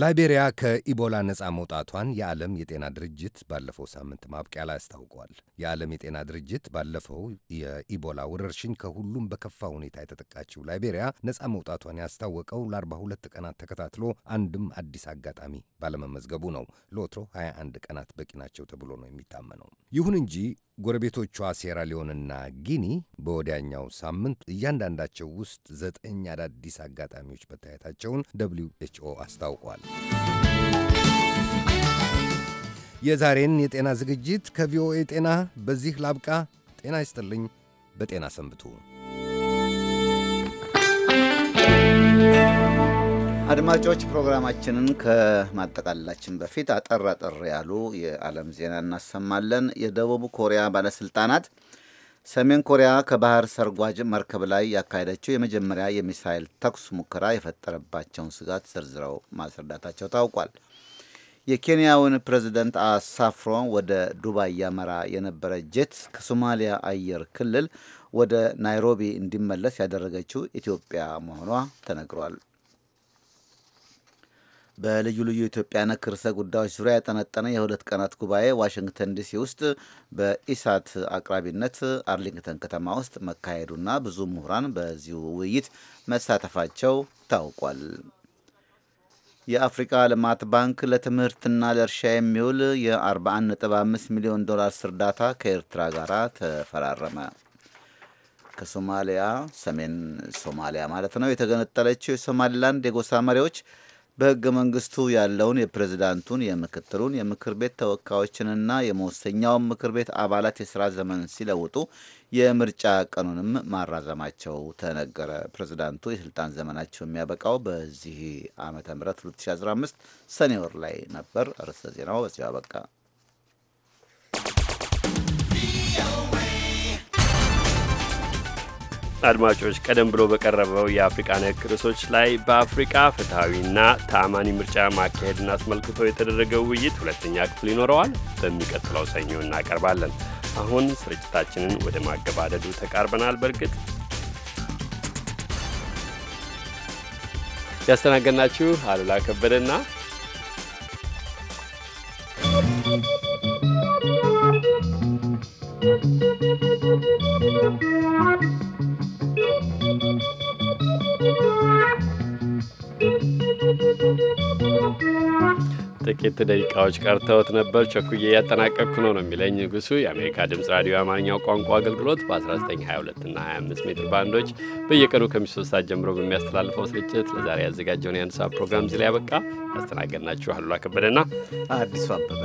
ላይቤሪያ ከኢቦላ ነፃ መውጣቷን የዓለም የጤና ድርጅት ባለፈው ሳምንት ማብቂያ ላይ አስታውቋል። የዓለም የጤና ድርጅት ባለፈው የኢቦላ ወረርሽኝ ከሁሉም በከፋ ሁኔታ የተጠቃችው ላይቤሪያ ነፃ መውጣቷን ያስታወቀው ለ42 ቀናት ተከታትሎ አንድም አዲስ አጋጣሚ ባለመመዝገቡ ነው። ለወትሮ 21 ቀናት በቂ ናቸው ተብሎ ነው የሚታመነው። ይሁን እንጂ ጎረቤቶቿ ሴራሊዮንና ጊኒ በወዲያኛው ሳምንት እያንዳንዳቸው ውስጥ ዘጠኝ አዳዲስ አጋጣሚዎች መታየታቸውን ደብሊው ኤች ኦ አስታውቋል። የዛሬን የጤና ዝግጅት ከቪኦኤ ጤና በዚህ ላብቃ። ጤና ይስጥልኝ። በጤና ሰንብቱ። አድማጮች፣ ፕሮግራማችንን ከማጠቃለላችን በፊት አጠር አጠር ያሉ የዓለም ዜና እናሰማለን። የደቡብ ኮሪያ ባለሥልጣናት ሰሜን ኮሪያ ከባህር ሰርጓጅ መርከብ ላይ ያካሄደችው የመጀመሪያ የሚሳይል ተኩስ ሙከራ የፈጠረባቸውን ስጋት ዘርዝረው ማስረዳታቸው ታውቋል። የኬንያውን ፕሬዝደንት አሳፍሮ ወደ ዱባይ ያመራ የነበረ ጄት ከሶማሊያ አየር ክልል ወደ ናይሮቢ እንዲመለስ ያደረገችው ኢትዮጵያ መሆኗ ተነግሯል። በልዩ ልዩ ኢትዮጵያ ነክ ርዕሰ ጉዳዮች ዙሪያ ያጠነጠነ የሁለት ቀናት ጉባኤ ዋሽንግተን ዲሲ ውስጥ በኢሳት አቅራቢነት አርሊንግተን ከተማ ውስጥ መካሄዱና ብዙ ምሁራን በዚሁ ውይይት መሳተፋቸው ታውቋል። የአፍሪካ ልማት ባንክ ለትምህርትና ለእርሻ የሚውል የ41.5 ሚሊዮን ዶላርስ እርዳታ ከኤርትራ ጋር ተፈራረመ። ከሶማሊያ ሰሜን ሶማሊያ ማለት ነው የተገነጠለችው የሶማሊላንድ የጎሳ መሪዎች በሕገ መንግስቱ ያለውን የፕሬዝዳንቱን፣ የምክትሉን፣ የምክር ቤት ተወካዮችንና የመወሰኛውን ምክር ቤት አባላት የስራ ዘመን ሲለውጡ የምርጫ ቀኑንም ማራዘማቸው ተነገረ። ፕሬዝዳንቱ የስልጣን ዘመናቸው የሚያበቃው በዚህ ዓመተ ምህረት 2015 ሰኔ ወር ላይ ነበር። ርዕሰ ዜናው በዚያው አበቃ። አድማጮች ቀደም ብሎ በቀረበው የአፍሪቃ ነክ ርዕሶች ላይ በአፍሪቃ ፍትሐዊና ተአማኒ ምርጫ ማካሄድን አስመልክቶ የተደረገው ውይይት ሁለተኛ ክፍል ይኖረዋል። በሚቀጥለው ሰኞ እናቀርባለን። አሁን ስርጭታችንን ወደ ማገባደዱ ተቃርበናል። በእርግጥ ያስተናገድናችሁ አሉላ ከበደና ጥቂት ደቂቃዎች ቀርተውት ነበር። ቸኩዬ እያጠናቀቅኩ ነው ነው የሚለኝ ንጉሱ። የአሜሪካ ድምፅ ራዲዮ የአማርኛው ቋንቋ አገልግሎት በ1922 እና 25 ሜትር ባንዶች በየቀኑ ከምሽቱ ሶስት ሰዓት ጀምሮ በሚያስተላልፈው ስርጭት ለዛሬ ያዘጋጀውን የአንድ ሰዓት ፕሮግራም እዚህ ላይ ያበቃ። ያስተናገድናችሁ አሉላ ከበደና አዲሱ አበበ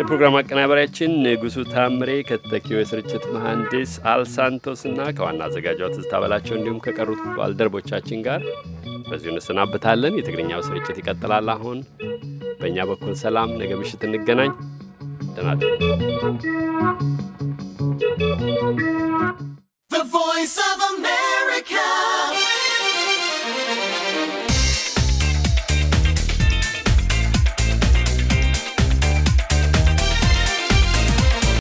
የፕሮግራም አቀናባሪያችን ንጉሱ ታምሬ ከተተኪው የስርጭት መሐንዲስ አልሳንቶስ እና ከዋና አዘጋጇ ትዝታ በላቸው እንዲሁም ከቀሩት ባልደረቦቻችን ጋር በዚሁ እንሰናበታለን። የትግርኛው ስርጭት ይቀጥላል። አሁን በእኛ በኩል ሰላም፣ ነገ ምሽት እንገናኝ። ደናደ The voice of America